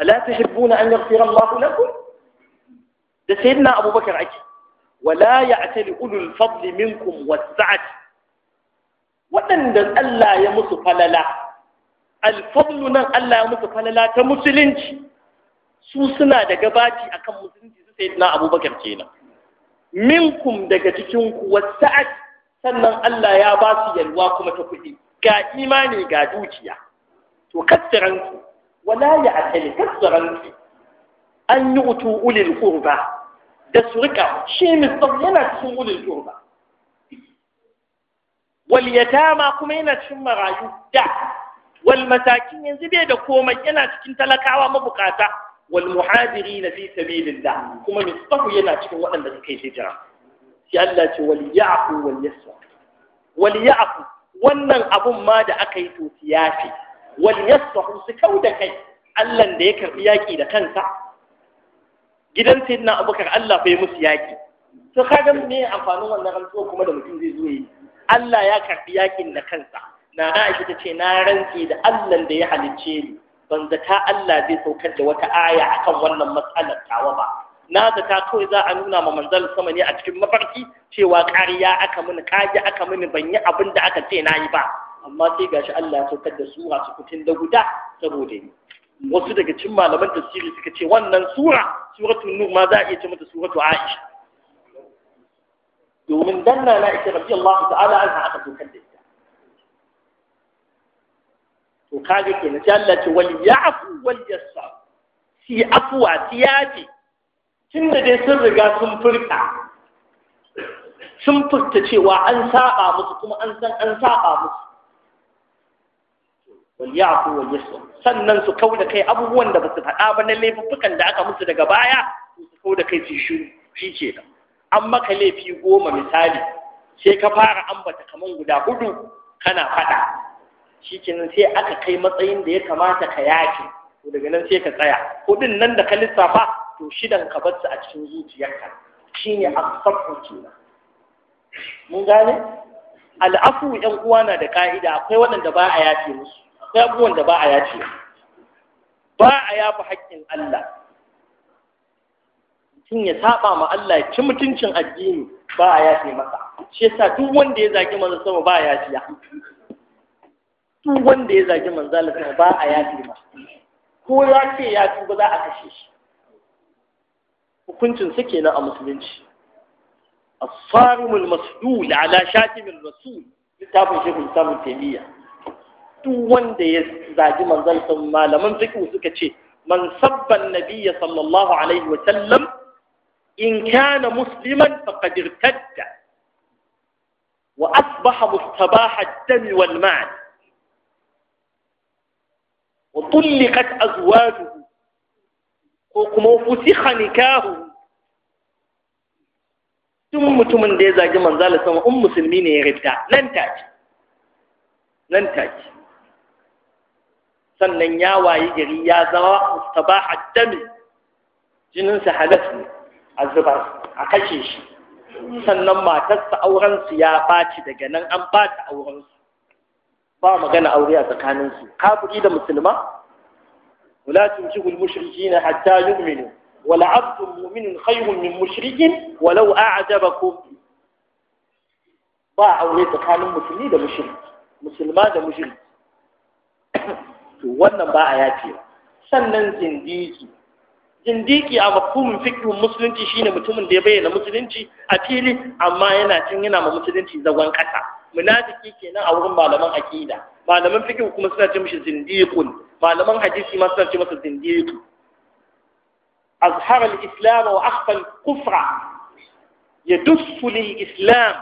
[SPEAKER 1] ألا تحبون أن يغفر الله لكم ده سيدنا أبو بكر عكي ولا يعتل أولو الفضل منكم والسعة waɗanda Allah ya musu falala alfadlu nan Allah ya musu falala ta musulunci su suna da gabaci akan musulunci sayyidina abubakar kenan minkum daga cikin ku sa'ad sannan Allah ya ba su yalwa kuma ta kuɗi ga imani ga dukiya to kassiranku wala ya akali kassiranku an yi utu ulil qurba da su rika shi misal yana cikin ulil qurba wal yatama kuma yana cikin marayu da wal masakin yanzu bai da komai yana cikin talakawa mabukata wal muhajirin fi sabilillah kuma misfahu yana cikin waɗanda suka yi hijira sai Allah ce wal ya'fu wal yasfa wal ya'fu wannan abun ma da aka yi to siyafi wal yasfa su da kai Allah da ya karbi yaki da kansa gidan sayyidina Abubakar Allah fa ya musu yaki to kaga me amfanin wannan rantsuwa kuma da mutum zai zo yi Allah ya karbi yakin da kansa na Aisha ta ce na rantse da Allah da ya halicce ni ban zata Allah zai saukar da wata aya akan wannan matsalar tawa ba na zata kawai za a nuna ma manzalin sama ne a cikin mafarki cewa ƙariya aka mini ƙage aka mini ban yi abin da aka ce na yi ba amma sai gashi Allah ya saukar da sura su kutin da guda saboda ni wasu daga cikin malaman tafsiri suka ce wannan sura suratul nur ma za a iya ce mata suratu aisha domin danna na ita rabbi Allah ta'ala an haka dukkan da to kaga kenan sai Allah ce wal ya'fu wal yasfa si afwa si yafi tunda dai sun riga sun furta sun furta cewa an saba musu kuma an san an saba musu wal ya'fu wal yasfa sannan su kauda kai abubuwan da basu faɗa ba na laifukan da aka musu daga baya su kauda kai su shiru shi kenan an maka laifi goma misali sai ka fara ambata kaman guda hudu kana faɗa shi kenan sai aka kai matsayin da ya kamata ka yaki to daga nan sai ka tsaya hudun nan da ka lissafa to shidan ka bar su a cikin zuciyarka shine asafu kenan mun gane al'afu yan uwa na da ka'ida akwai waɗanda ba a yafe musu akwai abubuwan da ba a yafe ba a yafe haƙƙin Allah mutum ya saba ma Allah ci mutuncin addini ba a yafe masa shi yasa duk wanda ya zagi manzo sama ba a yafiya duk wanda ya zagi manzo Allah sama ba a yaki, ma ko ya ce ya tuba za a kashe shi hukuncin sa kenan a musulunci الصارم المسؤول على شاتم الرسول littafin shekul samun taimiyya duk wanda ya zagi manzon sun malaman fiqh suka ce man sabban nabiyya sallallahu alaihi wa sallam in kana musliman faqad irtadda wa asbaha mustabaha ad-dam wal ma'n wa tulliqat azwajuhu ko kuma fusiha nikahu duk mutumin da ya zagi manzala sama in musulmi ne ya rifta nan take nan sannan ya wayi gari ya zama mustabaha dami jininsa halas ne a zuba a kashe shi sannan matarsa aurensu ya ɓaci daga nan an ɓata aurensu ba magana aure a tsakaninsu kafiri da musulma ولا تنكحوا المشركين حتى يؤمنوا ولعبد مؤمن خير من مشرك ولو أعجبكم ba aure tsakanin musulmi da mushriki musulma da mushriki to wannan ba a yafe sannan zindiki Sindiki a mafhumin fikhun musulunci shine mutumin da ya bayyana musulunci a fili amma yana cin yana ma musulunci zagon kasa munafiki kenan a wurin malaman aqida malaman fikhun kuma suna ce mishi zindiqun malaman hadisi ma suna ce masa zindiqu azhar al-islam wa akhfa al-kufra yaduffu lil-islam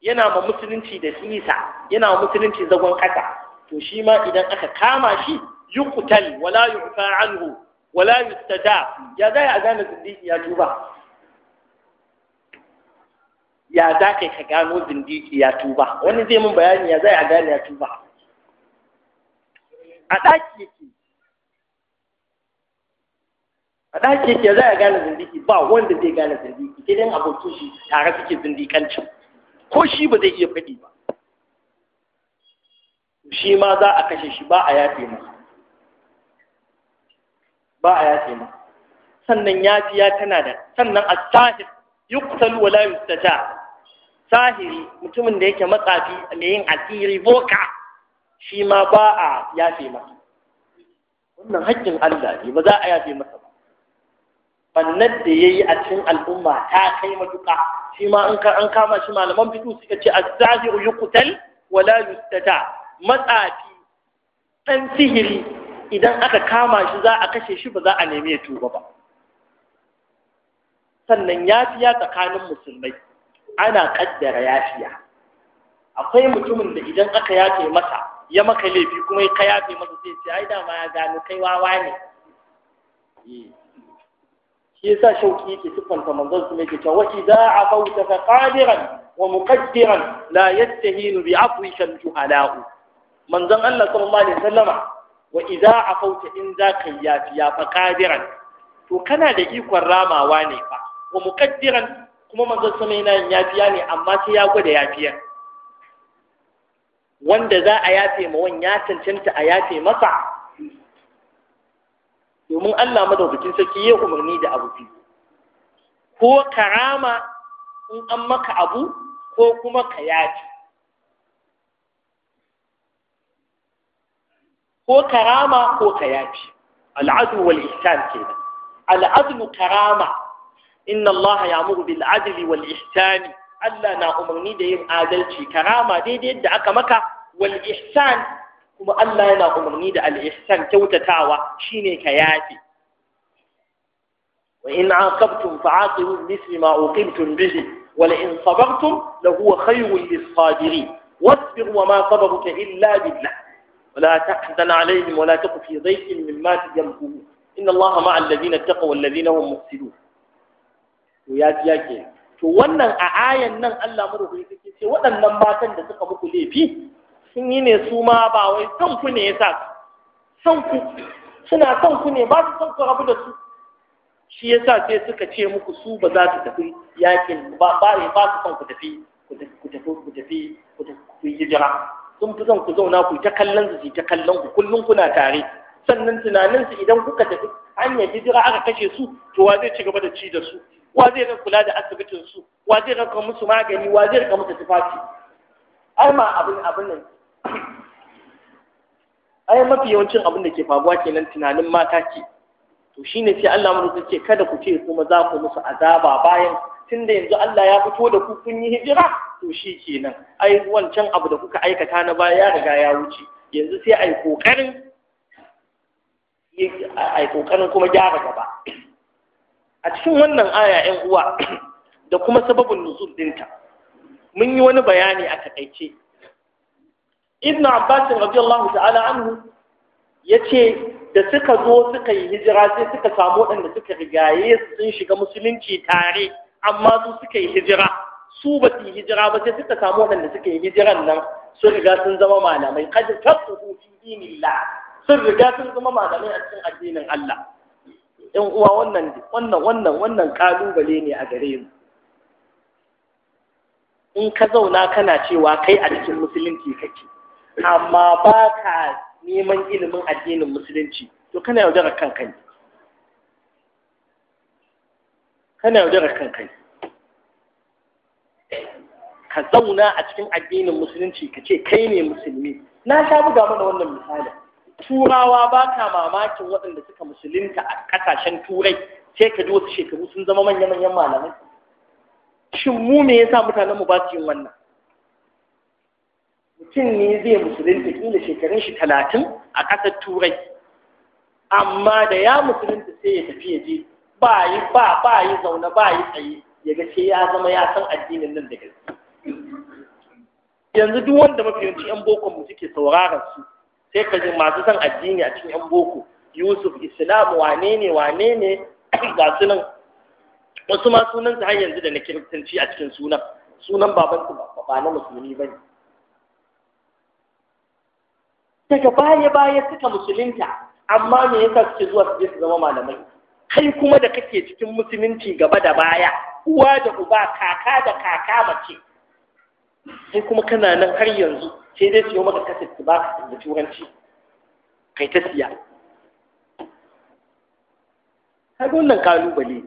[SPEAKER 1] yana ma musulunci da sisa yana ma musulunci zagon kasa to shi ma idan aka kama shi yuqtal wala yu'fa anhu wala yustada ya za a gane zindiki ya tuba ya za kai ka gano zindiki ya tuba wani zai mun bayani ya za a gane ya tuba
[SPEAKER 2] a ɗaki yake
[SPEAKER 1] a ɗaki yake za a gane zindiki ba wanda zai gane zindiki sai dai abokin shi tare suke zindikancin ko shi ba zai iya faɗi ba shi ma za a kashe shi ba a yafe masa ba a yafe ma sannan yafiya tana da sannan a sahir yuktal wa la sahiri mutumin da yake matsafi mai yin asiri boka shi ma ba a yafe ma. wannan haƙƙin Allah ne ba za a yafe masa ba bannan da ya yi a cikin al'umma ta kai matuƙa shi ma an kama shi malaman fito suka ce az-zahiru wala wa la matsafi ɗan sihiri idan aka kama shi za a kashe shi ba za a neme ya tuba ba sannan yafiya tsakanin musulmai ana kaddara yafiya akwai mutumin da idan aka yafe masa ya maka laifi kuma ka yafe masa sai ce ai dama ya gano kai wawa ne eh. shi yasa shauki yake siffanta manzon su yake cewa wa a bauta ka kadiran wa muqaddiran la yastahinu bi afwika al-juhala'u manzon Allah sallallahu alaihi wasallama wa idza afauta in za ka yafiya fa qadiran to kana da ikon ramawa ne fa wa muqaddiran kuma manzon sama yana yin yafiya ne amma sai ya gwada yafiyar wanda za a yafe ma wani ya cancanta a yafe masa domin Allah madaukakin sarki ya umarni da abu biyu ko karama in an maka abu ko kuma ka yafi ko karama ko ka yafi al'adu wal ihsan kenan karama inna Allah ya'muru bil adli wal ihsan Allah na umarni da yin adalci karama daidai yadda aka maka wal ihsan kuma Allah yana umarni da al ihsan kyautatawa shine ka yafi wa in aqabtum fa'aqibu misli ma uqibtum bihi wa in sabartum la huwa khayrun lis sabirin wasbir wa ma sabaruka illa billah ولا تحزن عليهم ولا تق في ضيق مما تجمعون إن الله مع الذين اتقوا والذين هم محسنون وياك ياك to wannan a ayan nan Allah madaukaki take ce waɗannan matan da suka muku laifi sun yi ne su ma ba wai son ku ne yasa son ku suna son ku ne ba su son ku rabu da su shi yasa sai suka ce muku su ba za su tafi yakin ba ba ba su son ku tafi ku tafi ku tafi ku tafi ku yi hijira sun fi son ku zauna ku ta kallon su ta kallon ku kullum kuna tare sannan tunanin su idan kuka tafi hanyar hijira aka kashe su to wa zai ci gaba da ci da su wa zai ga kula da asibitin su wa zai kuma musu magani wa zai ga musu tufafi ai ma abin abin nan ai mafi yawancin abin da ke faruwa kenan tunanin mata ce to shine sai Allah mu ce kada ku ce kuma za ku musu azaba bayan Tun da yanzu Allah ya fito da ku kun yi hijira to shi kenan ai wancan abu da kuka aikata na baya ya riga ya wuce yanzu sai ai kokarin ai kokarin kuma gyara gaba a cikin wannan aya ƴan uwa da kuma sababin nuzul dinta mun yi wani bayani a takaice ibn abbas radiyallahu ta'ala anhu yace da suka zo suka yi hijira sai suka samu waɗanda suka rigaye sun shiga musulunci tare amma su suka yi hijira su ba su yi hijira ba sai suka samu waɗanda suka yi hijiran nan sun riga sun zama malamai kaji tafuhu fi dinillah sun riga sun zama malamai a cikin addinin Allah ɗan uwa wannan wannan wannan wannan kalubale ne a gare mu in ka zauna kana cewa kai a cikin musulunci kake amma ba ka neman ilimin addinin musulunci to kana yaudarar kanka ne kana yaudara kan kai ka zauna a cikin addinin musulunci ka ce kai ne musulmi na sha buga mana wannan misali turawa ba ka mamakin waɗanda suka musulunta a ƙasashen turai sai ka ji wasu shekaru sun zama manya-manyan malamai shin mu me yasa mutanen mu ba su yin wannan mutum ne zai musulunta kila shekarun shi talatin a ƙasar turai amma da ya musulunta sai ya tafi ya je ba yi ba ba yi zaune ba yi tsaye ya ga ce ya zama ya san addinin nan da gaske yanzu duk wanda mafi yanci yan boko mu suke sauraron su sai ka ji masu san addini a cikin yan boko Yusuf Islam wane ne wane ne ga su nan wasu ma sunan su har yanzu da na kiristanci a cikin sunan sunan baban su ba na musulmi ba ne
[SPEAKER 2] daga baya baya suka musulunta
[SPEAKER 1] amma me yasa suke zuwa su je su zama malamai kai kuma da kake cikin musulunci gaba da baya uwa da uba kaka da kaka mace sai kuma kana nan har yanzu sai dai siyo maka kasa ba da turanci kai ta siya kaga wannan kalubale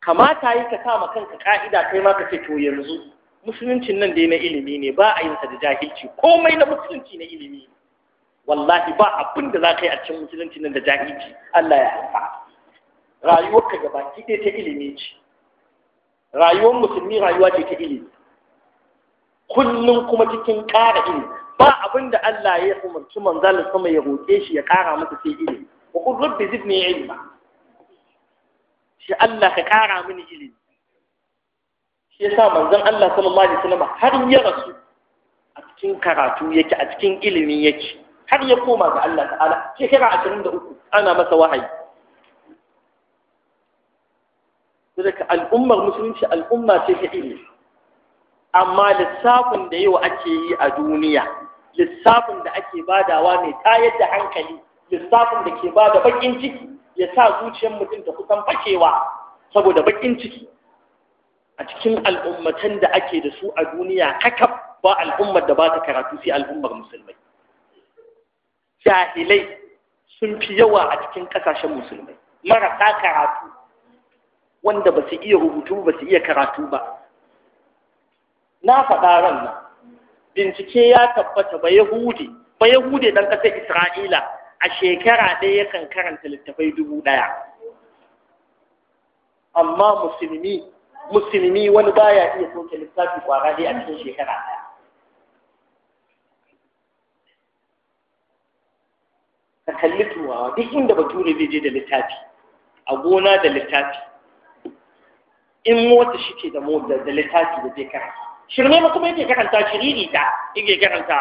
[SPEAKER 1] kamata yi ka sa ma kanka ka'ida kai ma ka ce to yanzu musuluncin nan dai na ilimi ne ba a yin sa da jahilci komai na musulunci na ilimi ne wallahi ba abin da za ka yi a cikin musulunci nan da jahilci Allah ya haifa rayuwarka gabaki ɗaya ta ilimi ce rayuwar musulmi rayuwa ce ta ilimi kullum kuma cikin ƙara ilimi ba abin da Allah ya umarci manzalin sama ya roƙe shi ya ƙara masa sai ilimi wa qul rabbi zidni ilma shi Allah ka ƙara mini ilimi shi yasa manzon Allah sallallahu alaihi wasallam har ya rasu a cikin karatu yake a cikin ilimi yake har ya koma ga Allah ta'ala shekara uku ana masa wahayi saboda al'ummar musulunci al'umma ce ta ilimi amma lissafin da yau ake yi a duniya lissafin da ake badawa mai tayar da hankali lissafin da ke bada bakin ciki ya sa zuciyar mutum ta kusan fashewa saboda bakin ciki a cikin al'ummatan da ake da su a duniya kakaf ba al'ummar da ba ta karatu sai al'ummar musulmai jahilai sun fi yawa a cikin kasashen musulmai marasa karatu wanda ba su iya rubutu ba su iya karatu ba na faɗa ran nan bincike ya tabbata ba yahudi ba yahudi ɗan ƙasar isra'ila a shekara ɗaya yakan karanta littafai dubu ɗaya amma musulmi musulmi wani baya iya soke littafi kwara dai a cikin shekara ɗaya kalli turawa duk inda bature zai je da littafi a gona da littafi in mota shi ke da mota da littafi da zai karanta shirme ma kuma yake karanta shiriri ta yake karanta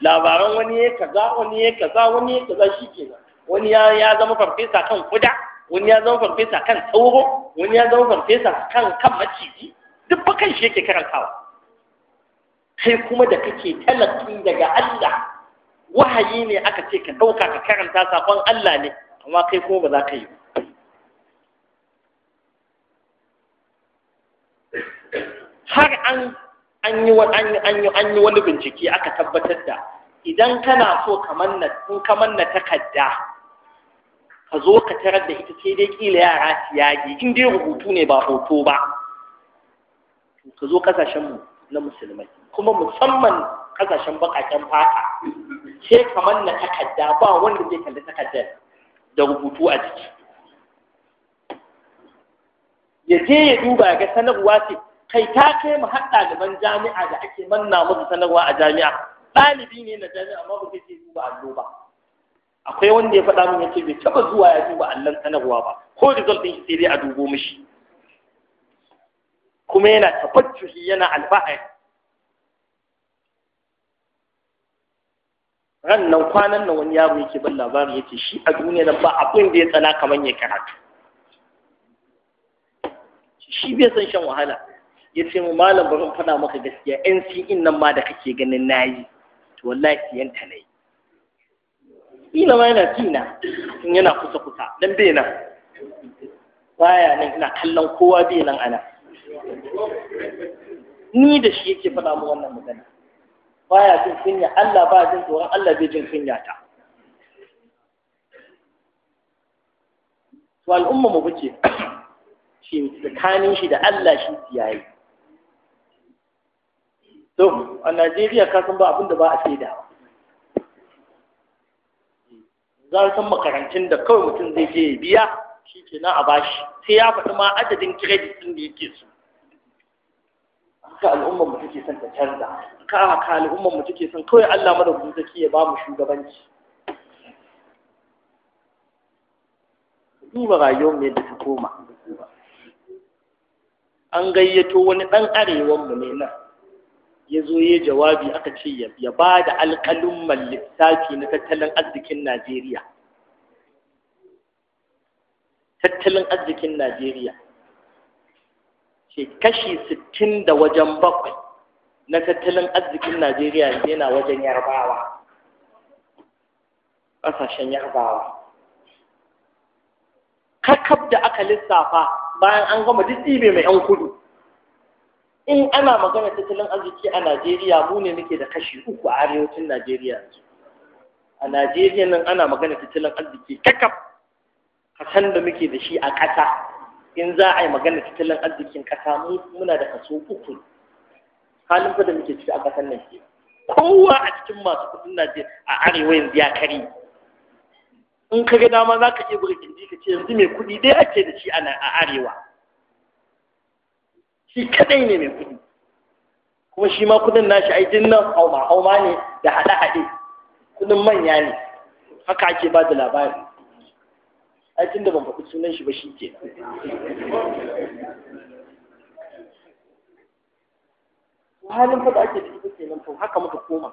[SPEAKER 1] labaran wani ya kaza wani ya kaza wani ya kaza shi ke wani ya zama farfesa kan kuda wani ya zama farfesa kan tsoro wani ya zama farfesa kan kan maciji duk bakan shi yake karantawa kai kuma da kake talakin daga Allah wahayi ne aka ce ka ɗauka ka karanta saƙon Allah ne amma kai kuma ba za ka yi har an yi wani bincike aka tabbatar da idan kana so in ka manna takarda ka zo ka tarar da ita sai dai ƙila yara su yage in dai rubutu ne ba hoto ba ka zo ƙasashenmu na musulmai kuma musamman kasashen bakaken fata ce kamar na takarda ba wanda zai kalli takardar da rubutu a jiki ya je ya duba ga sanarwa ce kai ta kai mu har ɗaliban jami'a da ake manna musu sanarwa a jami'a ɗalibi ne na jami'a amma ba zai je duba allo ba akwai wanda ya faɗa min ya ce bai taɓa zuwa ya duba allon sanarwa ba ko result ɗin sai dai a dubo mishi kuma yana tabbatuhi yana alfahari ran nan kwanan nan wani yaro yake ban labari yake shi a duniya nan ba abin da ya tsana kamar ya karatu shi bai san shan wahala ya ce mu malam ba zan faɗa maka gaskiya 'Yan in nan ma da kake ganin na yi, to wallahi siyan ta nayi
[SPEAKER 3] kila ma yana tina
[SPEAKER 1] in yana kusa kusa dan bai nan baya nan ina kallon kowa bai nan ana ni da shi yake faɗa mu wannan magana baya jin kunya Allah ba jin tsoron Allah bai jin kunya ta to al'umma mu bace shi tsakanin shi da Allah shi tiyayi to a Najeriya ka san ba abin da ba a saida za san makarantun da kawai mutum zai je ya biya shi ke na a bashi sai ya faɗi ma adadin kiredit ɗin da yake so ka al'ummar mu take son ta canza haka haka al'ummar mu take son kawai Allah madaukakin sarki ya ba mu shugabanci duba rayuwar mu yadda ta koma an gayyato wani ɗan arewan mu ne nan ya zo ya jawabi aka ce ya ba da alƙalin lissafi na tattalin arzikin Najeriya tattalin arzikin Najeriya Ke kashi sittin da wajen bakwai na tattalin arzikin Najeriya yana wajen yarbawa ƙasashen yarbawa kakab da aka lissafa bayan an gama duk ɗibe mai yan kudu in ana magana tattalin arziki a Najeriya mu ne muke da kashi uku a arewacin Najeriya
[SPEAKER 3] a Najeriya
[SPEAKER 1] nan ana magana tattalin arziki kakab kasan da muke da shi a ƙasa in za a yi magana tattalin arzikin ƙasa muna da kaso uku halin fa da muke ciki a ƙasar nan ke kowa a cikin masu kuɗin Najeriya a arewa yanzu ya kare in ka ga dama za ka iya buga kirji ka ce yanzu mai kuɗi dai ake da shi a arewa shi kadai ne mai kuɗi kuma shi ma kuɗin nashi ai nan hauma hauma ne da haɗe-haɗe kuɗin manya ne haka ake ba da labari aikin da ban faɗi sunan shi ba shi ke halin faɗa ake ciki take nan to haka muka koma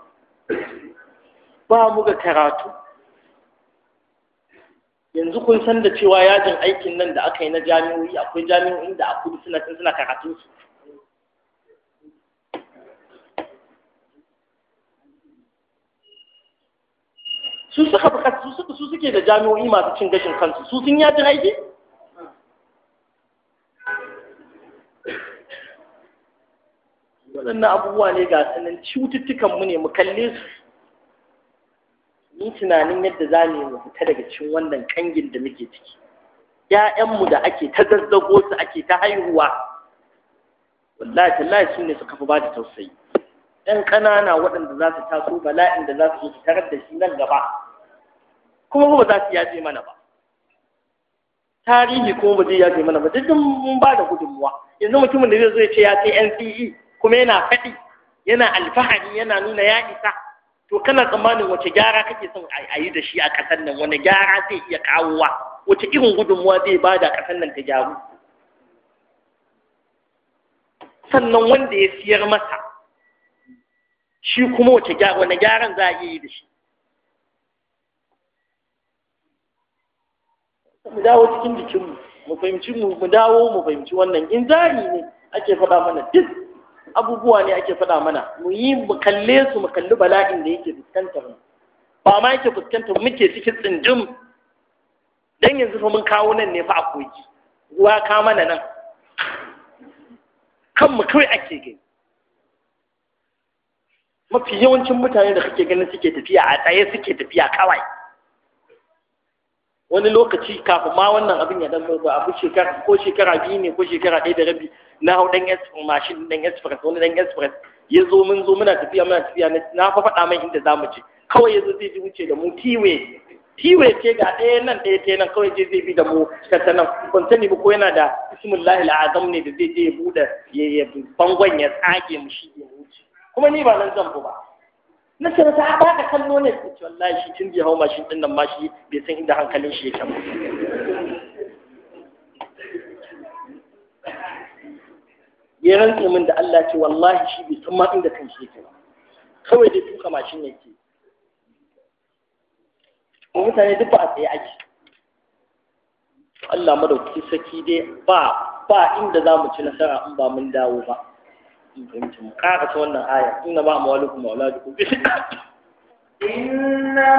[SPEAKER 1] ba mu ga karatu yanzu kun san da cewa yajin aikin nan da aka yi na jami'o'i akwai jami'o'in da a kudu suna suna karatun su su suka buƙaci su suka su suke da jami'o'i masu cin gashin kansu su sun yaji aiki waɗannan abubuwa ne ga sanin cututtukan mu ne mu kalle su ni tunanin yadda za mu mu fita daga cikin wannan kangin da muke ciki ƴaƴanmu da ake ta zazzago su ake ta haihuwa wallahi tallahi su ne suka fi ba da tausayi ‘yan ƙanana waɗanda za su taso bala'in da za su yi tarar da shi nan gaba kuma ba za su yaje mana ba tarihi kuma ba zai yaje mana ba duk mun ba da gudunmuwa yanzu mutumin da zai zo ya ce ya kai NCE kuma yana faɗi yana alfahari yana nuna ya isa to kana tsammanin wace gyara kake son a yi da shi a ƙasar nan wani gyara zai iya kawowa wace irin gudunmuwa zai ba da ƙasar nan ta gyaru sannan wanda ya siyar masa shi kuma wace wani gyaran za a iya yi da shi mu dawo cikin jikinmu mu fahimci mu dawo mu fahimci wannan in zari ne ake faɗa mana duk abubuwa ne ake faɗa mana mu yi mu kalle su mu kalli bala'in da yake fuskantar mu ba ma yake fuskantar muke cikin tsinjin dan yanzu fa mun kawo nan ne fa a koki ruwa ka mana nan kanmu kawai ake gani mafi yawancin mutane da kake ganin suke tafiya a tsaye suke tafiya kawai wani lokaci kafin ma wannan abin ya dan ba abu shekara ko shekara biyu ne ko shekara ɗaya da rabi na hau dan express mashin dan express wani dan express ya zo mun zo muna tafiya muna tafiya na fa faɗa mai inda za mu je kawai ya zo zai ji wuce da mu tiwe tiwe ce ga ɗaya nan ɗaya ta nan kawai je zai bi da mu kasa nan ban sani ba ko yana da bismillahi al'azam ne da zai je ya buɗe ya bangon ya tsage mu shi ya wuce kuma ni ba nan zan ba na ce masa a ka kallo ne ce wallahi shi tun da hau mashin din nan ma shi bai san inda hankalin shi yake ba ya rantsa min da Allah ce wallahi shi bai san ma inda kan shi yake ba kawai dai tuka mashin yake mutane duk ba a tsaye aji Allah madauki saki dai ba ba inda za mu ci nasara in ba mun dawo ba karasa wannan aya inna ma amwalukum wa auladukum
[SPEAKER 2] fitna إنما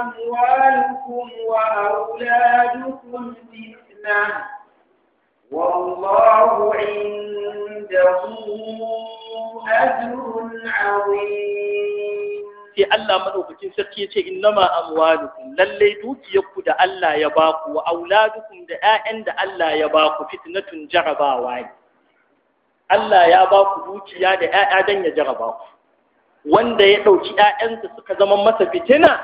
[SPEAKER 2] أموالكم وأولادكم فتنة والله عنده أجر عظيم
[SPEAKER 1] sai Allah madaukakin sarki ya ce innama amwalukum lalle dukiyarku da Allah ya baku wa auladukum da 'ya'yan da Allah ya baku fitnatun jarabawa ne Allah ya ba ku zuciya da ‘ya'ya don ya jaraba ku wanda ya ɗauki ‘ya'yansa suka zama masa fitina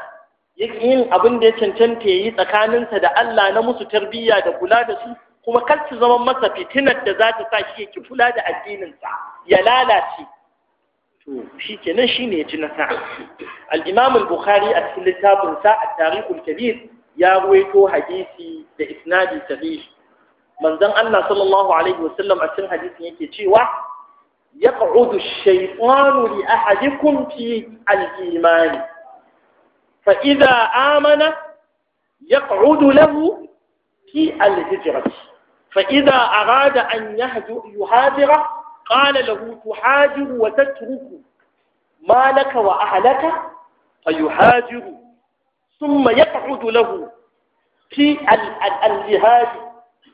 [SPEAKER 1] yin abin da ya cancanta ya yi tsakaninsa da Allah na musu tarbiyya da kula da su kuma kar su zama masa fitinar da za ta sa shi ya ki kula da addininsa ya lalace to shi kenan shi ne ya ji nasara al bukhari a cikin littafinsa a tarihul kabir ya ruwaito hadisi da isnadi sahihi manzon Allah sallallahu alaihi wasallam a cikin hadisin yake cewa yaq'udu ash-shaytanu li ahadikum fi al-iman fa idza amana yaq'udu lahu fi al-hijrah fa idza arada an yuhadira qala lahu tuhajiru wa tatruku ma laka wa ahlaka fa yuhajiru فيهاجر ثم يقعد له al الجهاد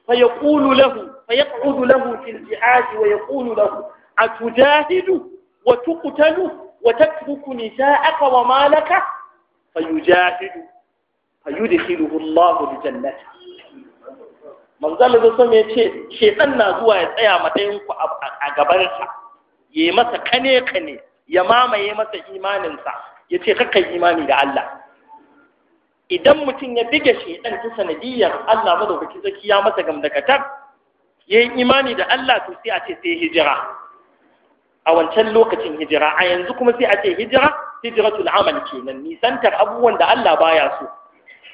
[SPEAKER 1] فيقول له فيقعد له في الجهاد ويقول له أتجاهد وتقتل وتترك نساءك ومالك فيجاهد فيدخله الله الجنة manzal da sun ce shekan na zuwa ya tsaya matsayin ku a gabansa ya yi masa kane kane ya mamaye masa imaninsa ya ce kakan imani da Allah idan mutum ya biga shedan ta sanadiyar Allah madaukakin sarki ya masa gamdakatar yi imani da Allah to sai a ce sai hijira a wancan lokacin hijira a yanzu kuma sai a ce hijira hijiratul amal kenan nisantar abubuwan da Allah baya so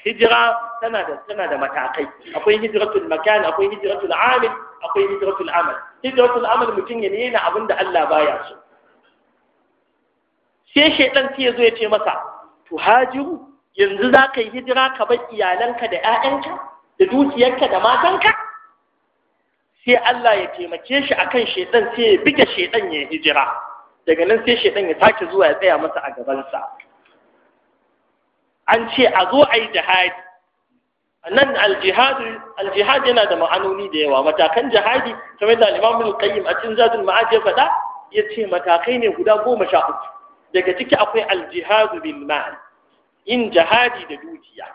[SPEAKER 1] hijira tana da tana da matakai akwai hijiratul makan akwai hijiratul amal, akwai hijiratul amal hijiratul amal mutum ya nena abin da Allah baya so sai shaytan sai ya zo ya ce masa to hajiru yanzu za ka yi hijira ka bar iyalanka da 'ya'yanka da dukiyarka da matanka sai Allah ya taimake shi akan shedan sai ya bige shedan ya hijira daga nan sai shedan ya sake zuwa ya tsaya masa a gabansa an ce a zo a yi jihadi nan aljihad yana da ma'anoni da yawa matakan jihadi kamar da Imam al-Qayyim a cikin Zadul Ma'ad ya faɗa yace matakai ne guda goma sha uku daga ciki akwai aljihadu bil mal yin jihadi da dukiya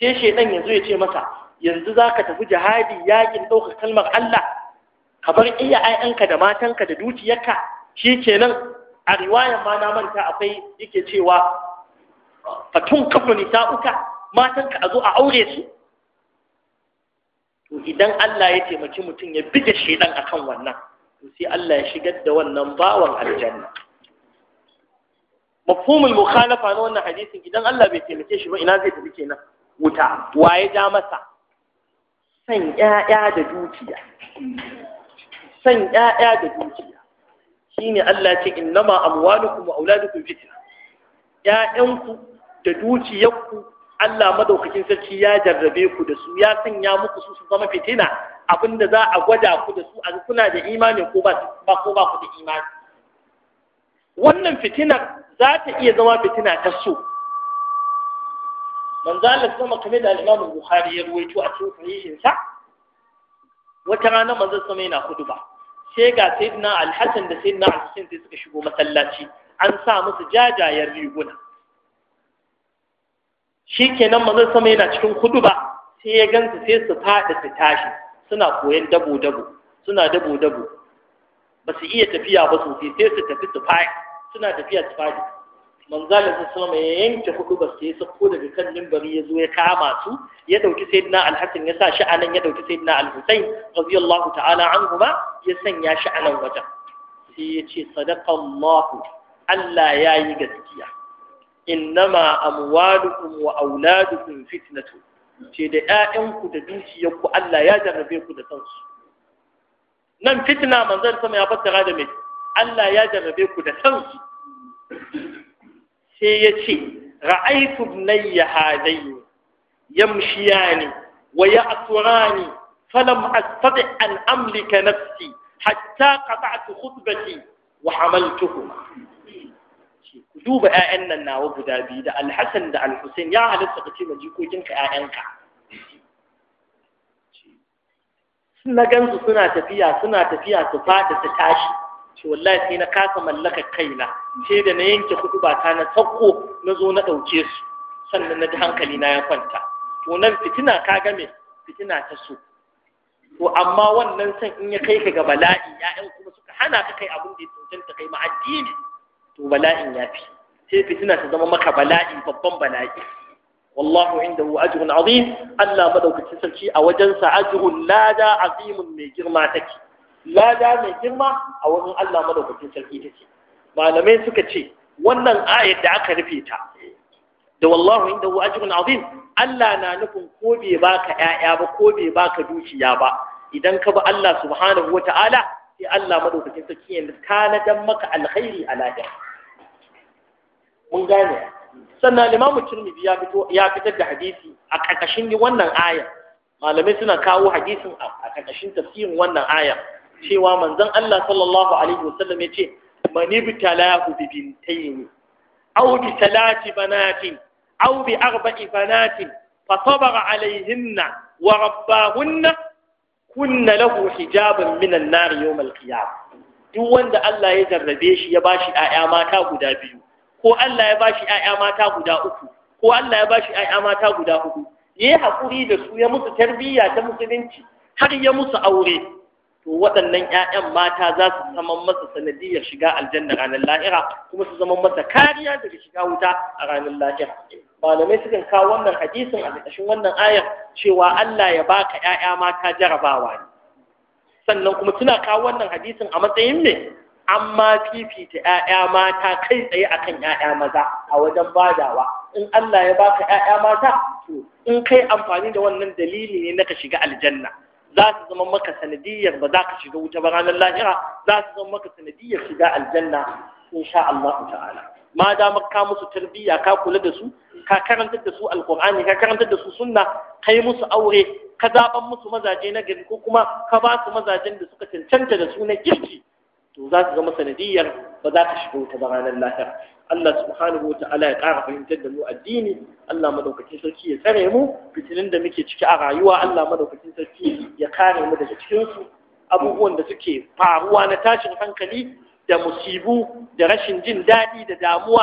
[SPEAKER 1] sai shaidan yanzu ya ce masa yanzu za ka tafi jihadi yakin ɗaukar kalmar Allah ka bar iya ayanka da matanka da dukiyarka shi kenan a riwayar ma na manta akwai yake cewa fatun kafa nisa'uka matanka a zo a aure su to idan Allah ya taimaki mutum ya bige shaidan akan wannan to sai Allah ya shigar da wannan bawan aljanna mafhumul mukhalafa na wannan hadisin idan Allah bai taimake shi ba ina zai tafi kenan wuta waye ja masa
[SPEAKER 2] san ƴaƴa da dukiya
[SPEAKER 1] san ƴaƴa da dukiya shine Allah ce innama amwalukum wa auladukum fitna ƴaƴanku da dukiyarku Allah madaukakin sarki ya jarrabe ku da su ya sanya muku su su zama fitina abinda za a gwada ku da su a kuna da imani ko ba ko ba ku da imani wannan fitinar za ta iya zama fitina ta so manzo Allah sama kamar da al-Imam Bukhari ya ruwaito a cikin sahihin sa wata rana manzo sama yana huduba sai ga sayyidina al-Hasan da sayyidina al-Husain sai suka shigo masallaci an sa musu jajayen riguna shikenan manzo sama yana cikin huduba sai ya gansu sai su fada su tashi suna koyan dabo dabo suna dabo dabo ba su iya tafiya ba sosai sai su tafi su faya suna tafiya tufali manzalin su sama ya yanke hudu ba yi sako daga kan mimbari ya zo ya kama su ya ɗauki sayyidina al ya sa shi anan ya ɗauki sayyidina al-husayn radiyallahu ta'ala anhuma ya sanya shi anan wajen sai ya ce sadaqa Allah ya yayi gaskiya innama amwalukum wa auladukum fitnatu ce da ƴaƴanku da dukiyarku Allah ya jarrabe ku da kansu nan fitna manzon sama ya fassara da mai Allah ya jarrabe ku da san sai ya ce Ra'aitu ra'aytu ibnayya hadayn yamshiyani wa ya'turani falam astati an amlika nafsi hatta qata'tu khutbati wa hamaltuhuma ku duba ƴaƴan nan nawa guda biyu da Alhassan da Alhussein ya halatta ka ce ma jikokinka ƴaƴanka
[SPEAKER 3] na gansu suna
[SPEAKER 1] tafiya suna tafiya su fada su tashi ce wallahi sai na kasa mallaka kaina sai da na yanke kudu ba ta na sauko na zo na ɗauke su sannan na ji hankali na ya kwanta to nan fitina ka game fitina ta so to amma wannan san in ya kai ka ga bala'i ya'yan kuma suka hana ka kai abin da ya ta kai ma addini to bala'in ya fi sai fitina ta zama maka bala'i babban bala'i wallahu indahu ajrun azim Allah madaukakin sarki a wajensa ajrun lada azimun mai girma take lada mai girma a wurin Allah madaukakin sarki take malamai suka ce wannan ayar da aka rufe ta da wallahu inda hu ajrun azim Allah na nufin ko bai baka ƴaƴa ba ko bai baka dukiya ba idan ka bi Allah subhanahu wata'ala sai Allah madaukakin sarki ya tanadan maka alkhairi a lahira mun gane sannan limamu turmidi ya fito ya fitar da hadisi a karkashin wannan aya malamai suna kawo hadisin a karkashin tafsirin wannan aya cewa manzon Allah sallallahu alaihi wasallam ya ce man ibtalahu bi bintayn aw bi banatin aw bi arba'i banatin fa sabara alaihinna wa rabbahunna kunna lahu hijaban minan nar yawm al duk wanda Allah ya jarrabe shi ya bashi ‘ya'ya mata guda biyu, ko Allah ya bashi ‘ya'ya mata guda uku, ko Allah ya bashi ‘ya'ya mata guda hudu, ya yi haƙuri da su ya musu tarbiyya ta musulunci har ya musu aure, to waɗannan 'ya'yan mata za su zama masa sanadiyar shiga aljanna ranar lahira kuma su zama masa kariya daga shiga wuta a ranar lahira malamai sukan kawo wannan hadisin a ƙarƙashin wannan ayar cewa Allah ya baka 'ya'ya mata jarabawa ne sannan kuma suna kawo wannan hadisin a matsayin ne An ma fifita 'ya'ya mata kai tsaye akan 'ya'ya maza a wajen badawa in Allah ya baka 'ya'ya mata to in kai amfani da wannan dalili ne na ka shiga aljanna za su zama maka sanadiyar ba za ka shiga wuta ba ranar lahira za su zama maka sanadiyar shiga aljanna sha Allah ta'ala ma da ka musu tarbiyya ka kula da su ka karantar da su alqur'ani ka karantar da su sunna kai musu aure ka zaban musu mazaje na gari ko kuma ka ba su mazajen da suka cancanta da su na kirki to za su zama sanadiyar ba za ka shiga wuta ba ranar lahira Allah subhanahu wata'ala ya ƙara fahimtar da mu addini Allah madaukakin sarki ya tsare mu fitilin da muke ciki a rayuwa Allah madaukakin sarki ya kare mu daga cikin su abubuwan da suke faruwa na tashin hankali da musibu da rashin jin daɗi da damuwa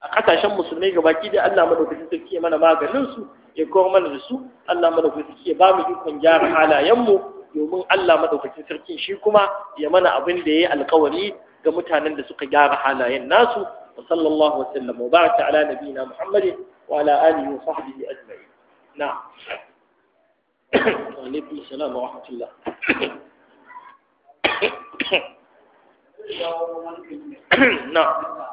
[SPEAKER 1] a ƙasashen musulmai gabaki da Allah madaukakin sarki ya mana maganin su ya kawo mana da su Allah madaukakin sarki ya ba mu ikon gyara halayenmu domin Allah madaukakin sarki shi kuma ya mana abin da ya yi alkawari ga mutanen da suka gyara halayen nasu وصلى الله وسلم وبارك على نبينا محمد وعلى آله وصحبه أجمعين نعم وعليكم السلام ورحمة الله
[SPEAKER 2] نعم. نعم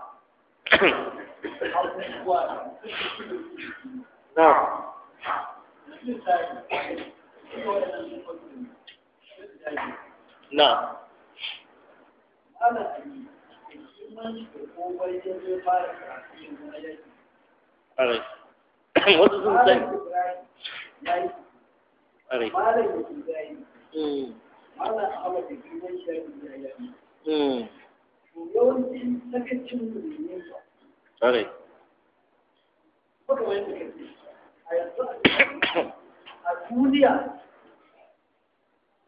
[SPEAKER 2] نعم نعم wasu sun sani ƙarai a duniya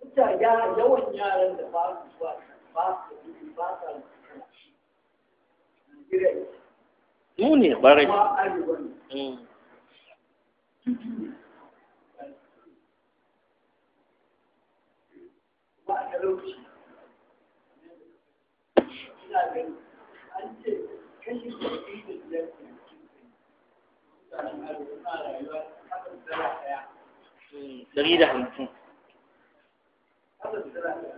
[SPEAKER 2] mutane yawan yaran da ba su ba su ba su mu ne ɓarai mm. mm,
[SPEAKER 1] ɗari da hamsin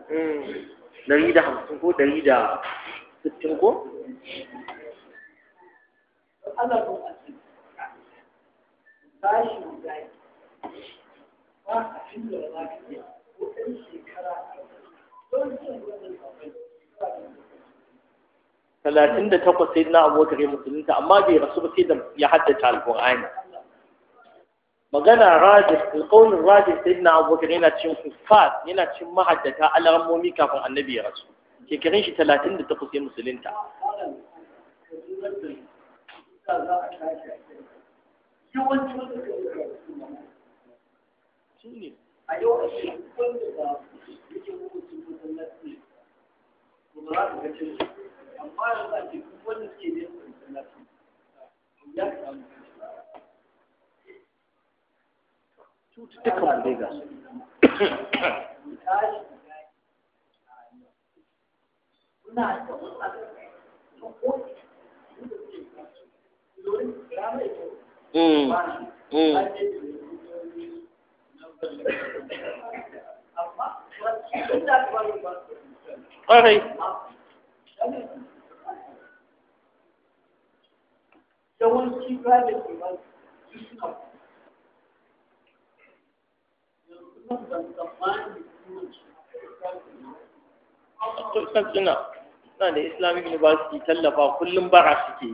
[SPEAKER 1] mm, ɗari da hamsin ko ɗari da sittin ko
[SPEAKER 2] azabin asiri bashi guda ba a cikin da ba ka yi ko ɗan shekara don cin gudun
[SPEAKER 1] talatin da takwas sai na abubakar ya musulunta amma bai rasu ba sai da ya haddace alƙur'ani magana rajis Alƙawarin rajis sai na abubakar yana cin hufaz yana cin mahaddata alamomi kafin annabi ya rasu shekarun shi talatin da takwas ya musulunta
[SPEAKER 2] da za a tashi a kai yawanci wanda da a ba za amma ke ya ba Ƙwarai. Yawanci ba da ke ba suna suna
[SPEAKER 1] da Islamic University tallafa kullum bara suke yi.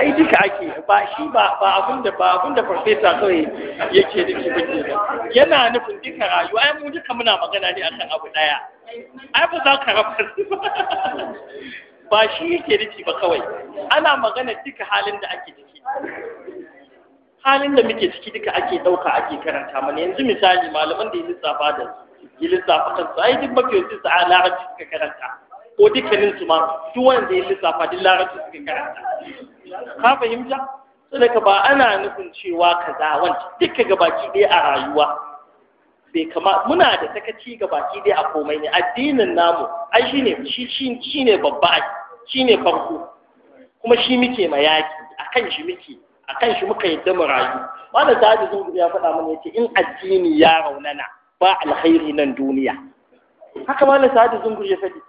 [SPEAKER 2] ai duka ake ba shi ba ba abun
[SPEAKER 1] da ba abun da farfesa kawai yake da shi bace ba yana nufin duka rayuwa ai mu duka muna magana ne akan abu daya ai ba za ka rafa ba shi yake nufi ba kawai ana magana duka halin da ake ciki halin da muke ciki duka ake dauka ake karanta mana yanzu misali malaman da ya lissafa da ya lissafa kansu ai duk mafi yanzu sa'a larabci suka karanta ko dukkanin su ma duk wanda ya lissafa duk larabci suka karanta ka fahimta ka ba ana nufin cewa kaza wanda duka gabaki ɗaya a rayuwa bai kama muna da sakaci gabaki ɗaya a komai ne addinin namu ai shine shi shine babba shine farko kuma shi muke ma yaki akan shi muke akan shi muka yadda mu rayu malam ta da zungu ya faɗa mana yace in addini ya raunana ba alkhairi nan duniya haka malam ta da zungu ya faɗi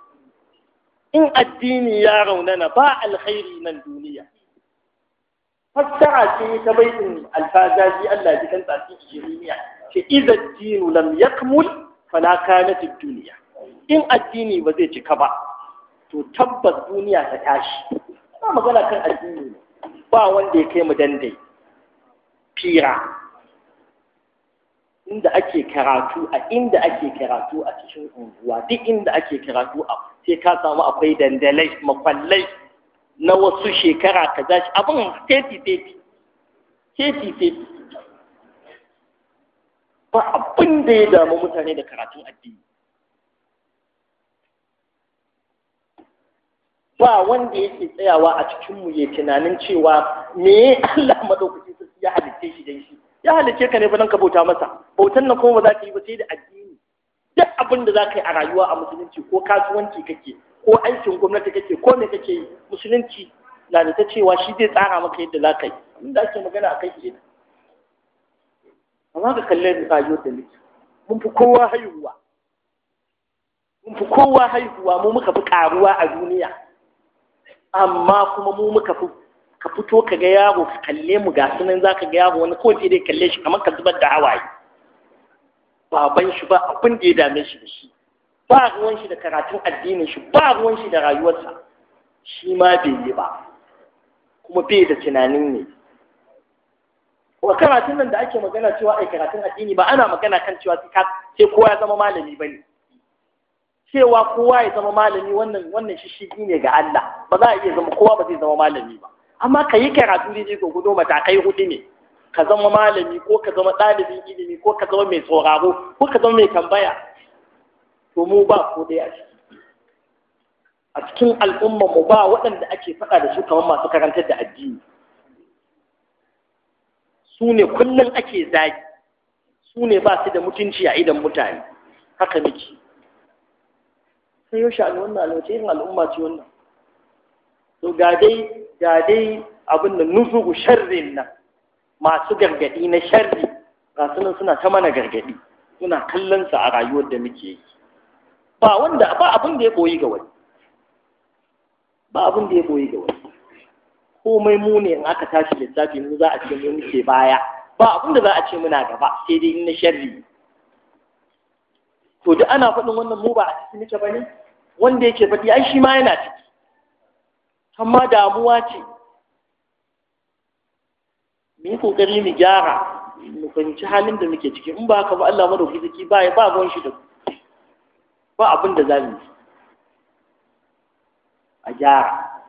[SPEAKER 1] in addini ya raunana ba alkhairi nan duniya
[SPEAKER 2] fassara ce ta baitin alfazaji Allah ji kan
[SPEAKER 1] tsafi jirimiya ce idza dinu lam yakmul fala kanat ad-dunya in addini ba zai cika ba to tabbas duniya ta tashi ba magana kan addini ba wanda ya kai mu dandai fira inda ake karatu a inda ake karatu a cikin unguwa duk inda ake karatu a sai ka samu akwai dandalai makwallai na wasu shekara ka za shi. abin teti teti teti teti ba abin da ya damu mutane da karatun addini ba wanda yake tsayawa a cikinmu ya tunanin cewa me Allah madaukaki ya halitta shi dan shi ya halice ka ne ba nan ka bauta masa bautan nan kuma ba za ka yi ba sai da addini duk abin da za ka yi a rayuwa a musulunci ko kasuwanci kake ko aikin gwamnati kake ko me kake yi musulunci na da ta cewa shi zai tsara maka yadda za ka yi abin da ake magana a kai ke amma ka kalle rayuwar da muke mun fi kowa haihuwa mun fi kowa haihuwa mu muka fi karuwa a duniya amma kuma mu muka fi ka fito ka ga yaro ka kalle mu ga sunan za ka ga yaro wani ko sai dai kalle shi kamar ka zubar da hawaye baban shi ba abin da ya dame shi da shi ba ruwan shi da karatun addinin shi ba ruwan shi da rayuwarsa shi ma bai yi ba kuma bai da tunanin ne kuma karatun nan da ake magana cewa ai karatun addini ba ana magana kan cewa sai kowa ya zama malami ba ne cewa kowa ya zama malami wannan wannan shi ne ga Allah ba za a iya zama kowa ba zai zama malami ba amma ka yi karatu ne ko gudu matakai hudu ne ka zama malami ko ka zama ɗalibin ilimi ko ka zama mai tsoraro ko ka zama mai tambaya to mu ba ko dai a ciki a cikin al'umma mu ba waɗanda ake faɗa da su kamar masu karantar da addini su ne kullum ake zagi su ne ba su da mutunci a idan mutane haka muke sai yau sha'ani wannan alwace yin al'umma ce wannan to ga dai ga dai abin da nuzugu sharrin nan masu gargadi na sharri ga su suna ta mana gargadi suna kallon a rayuwar da muke yi ba wanda ba abin da ya koyi ga wani ba abin da ya koyi ga wani komai mu ne in aka tashi lissafi mu za a ce mu muke baya ba abin da za a ce muna gaba sai dai na sharri to duk ana faɗin wannan mu ba a ciki ba bane wanda yake faɗi ai shi ma yana ciki amma damuwa ce mu yi kokari mu gyara mu fahimci halin da muke ciki in ba haka ba Allah madauki zaki ba ya ba ruwan shi da ba abin da za mu yi a gyara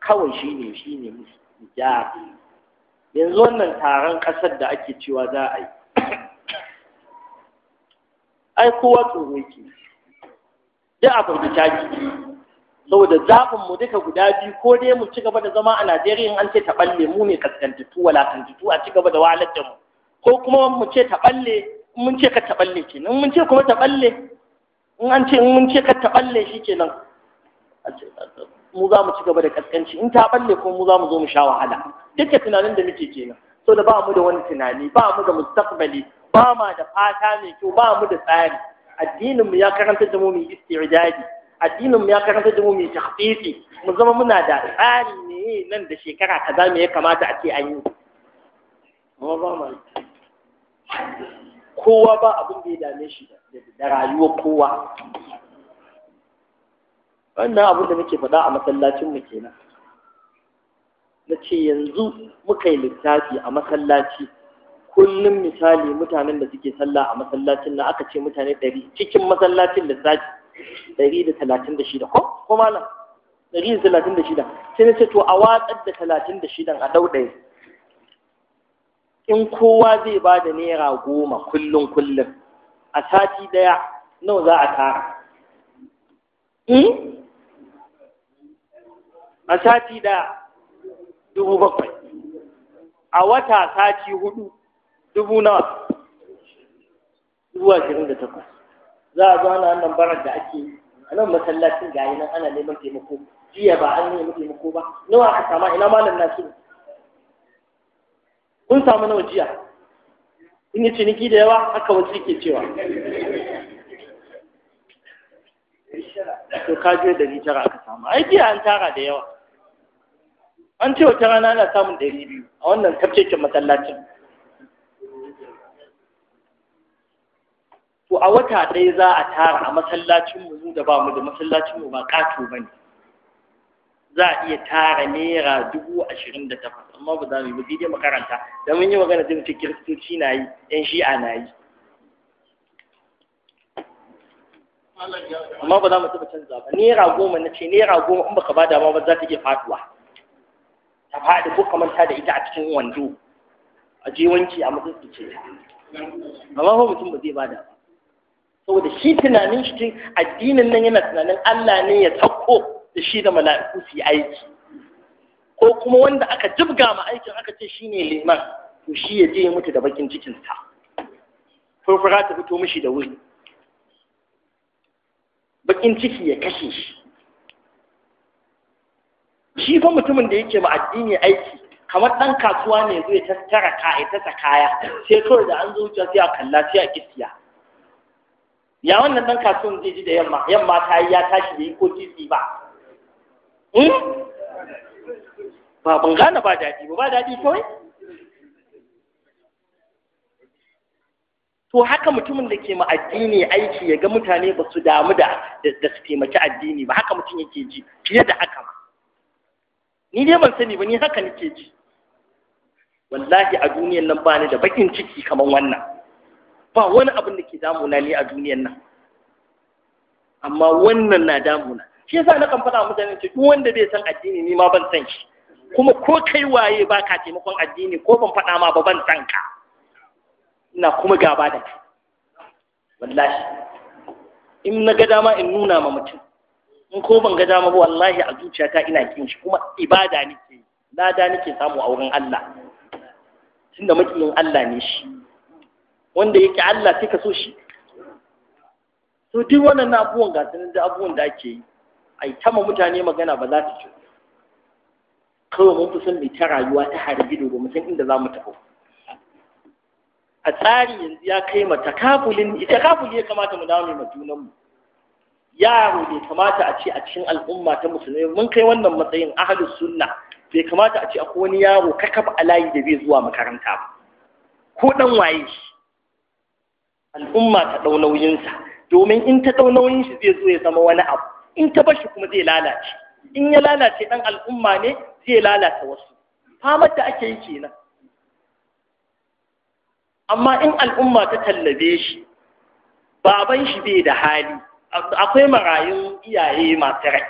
[SPEAKER 1] kawai shi ne shi ne mu gyara yanzu wannan taron ƙasar da ake cewa za a yi ai kowa tsoro yake duk a farfita taki saboda zaɓin mu duka guda biyu ko dai mu ci gaba da zama a Najeriya in an ce ta balle mu ne kaskantattu walakantattu a ci gaba da wahalar da mu ko kuma mu ce ta balle mun ce ka ta balle kenan mun ce kuma ta balle in an ce mun ce ka ta balle nan mu za mu ci gaba da kaskanci in ta balle ko mu za mu zo mu sha wahala duka tunanin da muke kenan so da ba mu da wani tunani ba mu da mustaqbali ba ma da fata mai kyau ba mu da tsari addinin mu ya karanta da mu mu istidadi addinin ya karanta da mu mai tafifi mu zama muna da tsari ne nan da shekara za mu ya kamata a ce an yi kowa ba abin da ya dame shi da rayuwa kowa wannan abin da muke faɗa a masallacinmu kenan na ce yanzu muka yi littafi a masallaci kullum misali mutanen da suke sallah a masallacin na aka ce mutane ɗari cikin masallacin littafi ɗari da talatin da shida ko ko malam ɗari da talatin da shida sai na ce to a watsar da talatin da shidan a ɗau in kowa zai ba da naira goma kullum kullum a sati ɗaya nawa za a tara hmm? a sati ɗaya dubu bakwai a wata sati hudu dubu nawa dubu ashirin da takwas za a zo ana wannan barar da ake yi a nan masallacin gayi nan ana neman taimako jiya ba an neman taimako ba nawa aka sama ina malam nasiru kun samu nawa jiya in yi ciniki da yawa haka wasu ke cewa
[SPEAKER 2] to ka je dari
[SPEAKER 1] tara aka samu ai jiya an tara da yawa an ce wata rana ana samun ɗari biyu a wannan tafkeken masallacin ko a wata ɗaya za a tara a masallacin mu da ba mu da masallacin mu ba ƙato ba ne za a iya tara naira dubu ashirin da takwas amma ba za mu yi ba daidai makaranta da mun yi magana zai mutu kiristoci na yi ƴan shi'a na yi
[SPEAKER 2] amma ba za mu taɓa canza ba naira goma na ce naira goma
[SPEAKER 1] in baka ba dama ba za ta iya faduwa ta faɗi ko ta da ita a cikin wando a je wanki a matsayin ce amma ba mutum ba zai ba ba saboda shi tunanin shi addinin nan yana tunanin Allah ne ya sauko da shi da mala'iku su yi aiki ko kuma wanda aka jibga ma aikin aka ce shine liman to shi ya je ya mutu da bakin cikin furfura ta fito mishi da wuri bakin ciki ya kashe shi shi fa mutumin da yake ma addini aiki kamar ɗan kasuwa ne ya zo ya tattara kaya ta kaya sai kawai da an zo wucewa sai a kalla sai a kisiya ya wannan ɗan kasuwan zai ji da yamma yamma ta yi ya tashi da yi ko titi ba
[SPEAKER 2] hmm? ba ban
[SPEAKER 1] gane ba daɗi ba ba daɗi kawai to haka mutumin da ke ma addini aiki ya ga mutane ba su damu da da su taimaki addini ba haka mutum yake ji fiye da haka ma ni dai ban sani ba ni haka nake ji wallahi a duniyan nan ba ni da bakin ciki kamar wannan ba wani abin da ke damuna ne a duniyan nan amma wannan na damuna shi yasa na kan a mutane ce duk wanda bai san addini ni ma ban san shi kuma ko kai waye ba ka taimakon addini ko ban faɗa ma ba ban san ka ina kuma gaba da kai wallahi in na ga dama in nuna ma mutum in ko ban ga dama ba wallahi a zuciyata ina kin shi kuma ibada nake lada nake samu a wurin Allah tunda makiyin Allah ne shi wanda yake Allah sai ka so shi to duk wannan abubuwan ga sanin da abubuwan da ake yi ai tama mutane magana ba za ta ci kawai mun fi son mai ta rayuwa ta har gido mu san inda za mu tafi a tsari yanzu ya kai ma ita kafuli ya kamata mu dawo mai junan mu yaro bai kamata a ce a cikin al'umma ta musulmi mun kai wannan matsayin ahlus sunna bai kamata a ce akwai wani yaro kakaf a layi da bai zuwa makaranta ba ko dan waye shi al'umma ta ɗau nauyinsa domin in ta ɗau zai zo ya zama wani abu in ta bashi kuma zai lalace in ya lalace ɗan al'umma ne zai lalata wasu famar da ake yi kenan amma in al'umma ta tallabe shi baban shi bai da hali akwai marayun iyaye masu rai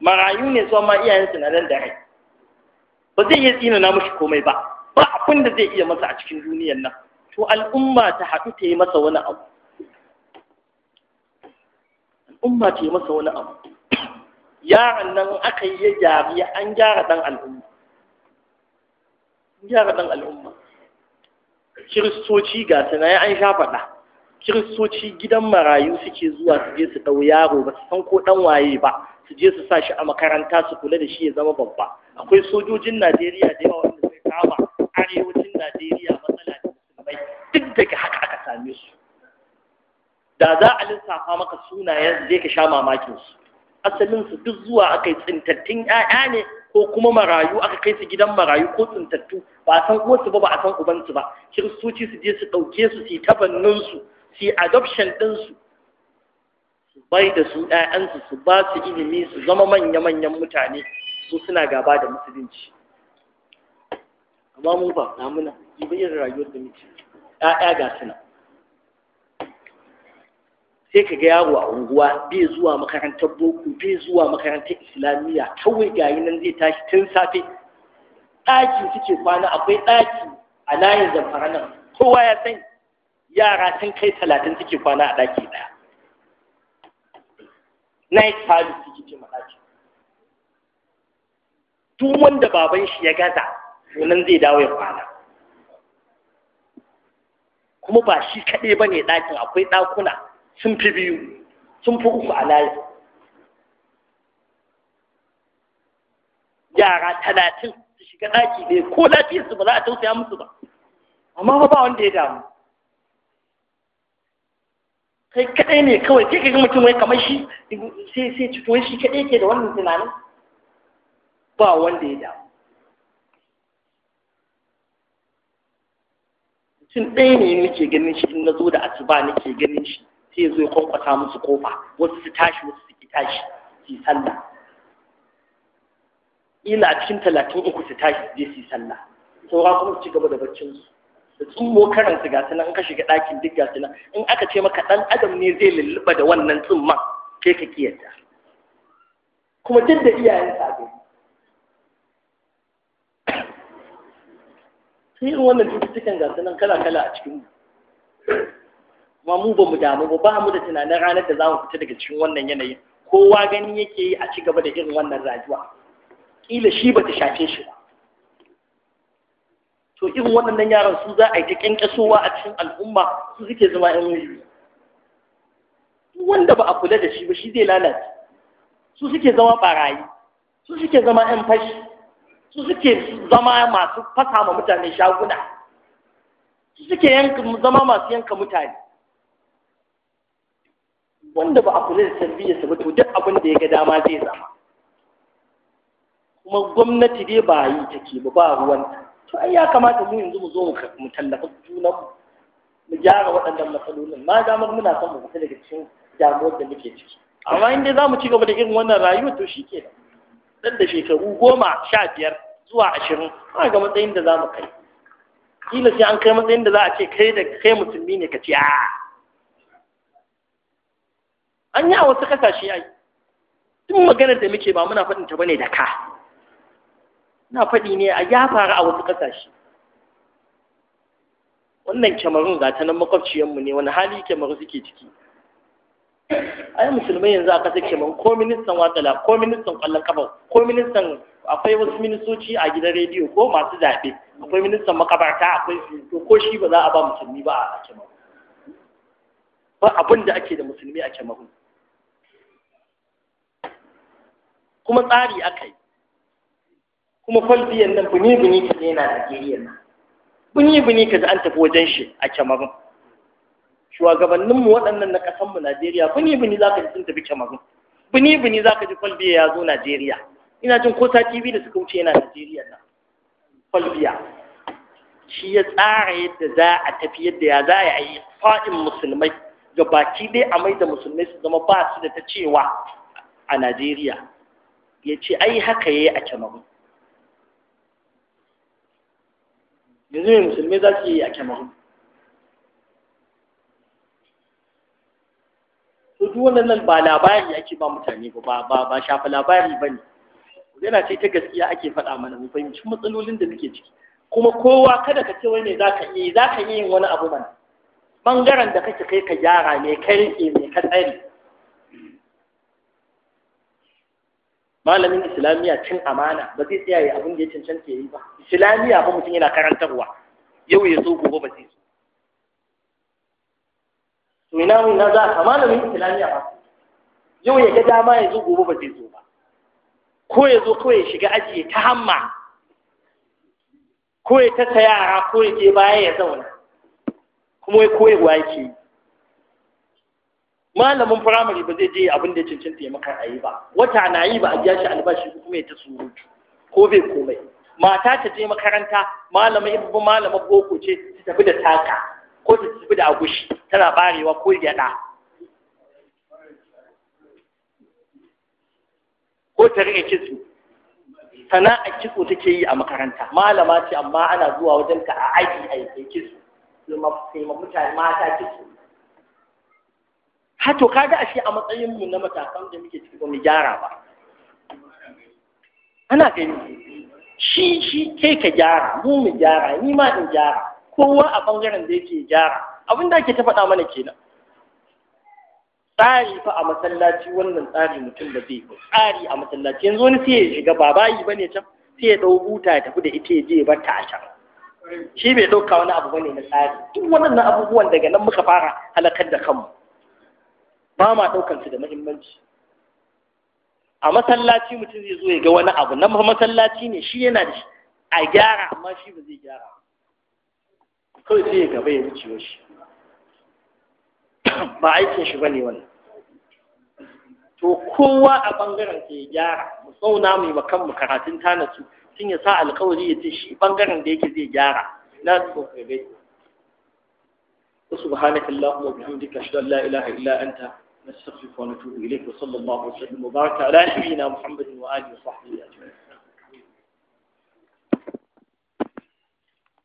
[SPEAKER 1] marayu ne su amma iyayensu na nan da rai ba zai iya tsina na mushi komai ba ba abin da zai iya masa a cikin duniyar nan to al'umma ta haɗu ta yi masa wani abu al'umma ta yi masa wani abu yaran nan aka yi jariya an gyara ɗan al'umma an gyara ɗan al'umma kiristoci ga yi an sha faɗa kiristoci gidan marayu suke zuwa su je su ɗau yaro ba su san ko ɗan waye ba su je su sa shi a makaranta su kula da shi ya zama babba akwai sojojin najeriya da yawa wanda sai kama arewacin najeriya ka haka aka same su da za a lissafa maka sunayen zai ka sha mamakin su asalin su duk zuwa aka yi tsintattun ƴaƴa ne ko kuma marayu aka kai su gidan marayu ko tsintattu ba a san uwarsu ba ba a san ubansu ba kiristoci su je su ɗauke su su yi tabannin su su yi adoption ɗin su su bai da su ƴaƴansu su ba su ilimi su zama manya-manyan mutane su suna gaba da musulunci amma mu ba namuna yi ba irin rayuwar da muke ‘ya'ya ga suna sai ka ga yaro a unguwa bai zuwa makarantar boko bai zuwa makarantar islamiyya kawai gayi nan zai tashi tun safe ɗaki suke kwana akwai ɗaki a layin zamfara nan kowa ya san yara sun kai talatin suke kwana a ɗaki ɗaya night service suke ce ɗaki duk wanda baban shi ya gaza nan zai dawo ya kwana kuma ba shi kaɗai ba ne ɗakin akwai ɗakuna sun fi biyu sun fi uku a layi yara talatin su shiga ɗaki ne ko lafiyarsu ba za a tausaya musu ba amma ba wanda ya damu kai kaɗai ne kawai sai kai mutum wai kamar shi sai sai shi kaɗai ke da wannan tunanin ba wanda ya damu tun ɗaya ne nake ganin shi in na zo da asuba nake ganin shi sai zo ya kwakwata musu kofa wasu su tashi wasu su ki tashi su yi sallah ila a cikin talatin uku su tashi su je su yi sallah saura kuma su ci gaba da su da tsummo karan su gasu nan in ka shiga ɗakin duk gasu nan in aka ce maka ɗan adam ne zai lulluɓa da wannan
[SPEAKER 2] tsumman Kai ka kiyata?
[SPEAKER 1] kuma duk da iyayensa a gari sai irin wannan cututtukan ga sunan kala-kala a cikin kuma mu ba mu damu ba ba mu da tunanin ranar da za mu fita daga cikin wannan yanayin kowa gani yake yi a ci gaba da irin wannan rayuwa kila shi ba ta shafe shi ba to irin waɗannan yaran su za a yi ta kyankyasowa a cikin al'umma su suke zama yan wuri wanda ba a kula da shi ba shi zai lalace su suke zama barayi su suke zama yan fashi su suke zama masu fasa ma mutane shaguna su suke zama masu yanka mutane wanda ba a kula da tarbiyyarsa ba to duk abin da ya ga dama zai zama kuma gwamnati dai ba yi take ba ba ruwan to ai ya kamata mu yanzu mu zo mu tallafa junan mu gyara waɗannan matsalolin ma damar muna son mu fita daga cikin damuwar da muke ciki amma in dai za mu ci gaba da irin wannan rayuwar to shi ke nan da shekaru goma sha biyar zuwa ashirin ba ga matsayin da za mu kai kila sai an kai matsayin da za a ce kai da kai musulmi ne ka ce a an yi a wasu kasashe ai tun maganar da muke ba muna faɗin ta bane da ka na faɗi ne a ya faru a wasu kasashe wannan kyamarun ga ta nan makwabciyarmu ne wani hali kyamaru suke ciki ai musulmai yanzu a kasar kyamarun ko ministan watsala ko ministan kwallon kafa ko ministan akwai wasu ministoci a gidan rediyo ko masu zaɓe akwai ministan makabarta akwai to ko shi ba za a ba musulmi ba a kemaru ba abin da ake da musulmi a kemaru kuma tsari aka yi kuma kwalbiyan nan bini-bini ka na Najeriya na. bini-bini ka an tafi wajen shi a kemaru shugabanninmu waɗannan na ƙasanmu Najeriya bini-bini za ka ji sun tafi kemaru bini-bini za ka ji kwalbiyan ya zo Najeriya ina jin ko sati biyu da suka wuce yana Najeriya nan Falbiya shi ya tsara yadda za a tafi yadda ya za a yi fa'in musulmai ga baki dai a mai da musulmai su zama ba su da ta cewa a Najeriya ya ce ai haka yayi a Cameroon yanzu mai musulmai za su yi a Cameroon to duk wannan ba labari ake ba mutane ba ba ba shafa labari bane yana ce ta gaskiya ake faɗa mana mu fahimci matsalolin da suke ciki kuma kowa kada ka ce wai me zaka yi zaka yi wani abu mana bangaren da kake kai ka gyara ne kai rike ne ka tsare malamin islamiyya cin amana ba zai tsaya ya abin da ya cancanta yi ba islamiyya ba mutum yana karantarwa yau ya zo gobe ba zai so to ina mun na za ka malamin islamiyya ba yau ya ga dama ya zo gobe ba zai zo ba ko ya zo kawai ya shiga aji ta hamma ko ya tasa yara ko ya je baya ya zauna kuma ya koya yake malamin firamare ba zai je abin da cancanta ya a ayi ba wata na yi ba a biya shi albashi kuma ya ta surutu ko bai komai mata ta je makaranta malamin ibu malamin boko ce ta tafi da taka ko ta tafi da agushi tana barewa ko gyada ko ta riƙe kitso sana'a kitso take yi a makaranta malama ce amma ana zuwa wajen ta a aiki aiki kitso sai ma mutane mata kitso ha to kaga ashe a matsayin mu na matakan da muke cikin mu gyara ba ana gani shi shi kai ka gyara mu mu gyara ni ma in gyara kowa a bangaren da yake gyara abin da ake ta faɗa mana kenan tsari fa a masallaci wannan tsari mutum da zai tsari a masallaci yanzu wani sai ya shiga ba bayi bane can sai ya dau buta ya tafi da ita ya je ya barta ta a can shi bai dauka wani abu bane na tsari duk waɗannan abubuwan daga nan muka fara halakar da kanmu ba ma daukan su da muhimmanci a masallaci mutum zai zo ya ga wani abu na masallaci ne shi yana da
[SPEAKER 3] a gyara
[SPEAKER 1] amma shi ba zai gyara kawai sai ya gaba ya wuce shi ba aikin shi ba ne wannan to kowa a bangaren ke ya gyara mu tsauna mu yi makan mu karatun tana su tun ya sa alkawari ya ce shi bangaren da yake zai gyara na su kokare سبحانك اللهم وبحمدك اشهد ان لا اله الا انت نستغفرك ونتوب اليك وصلى الله وسلم وبارك على نبينا محمد واله وصحبه اجمعين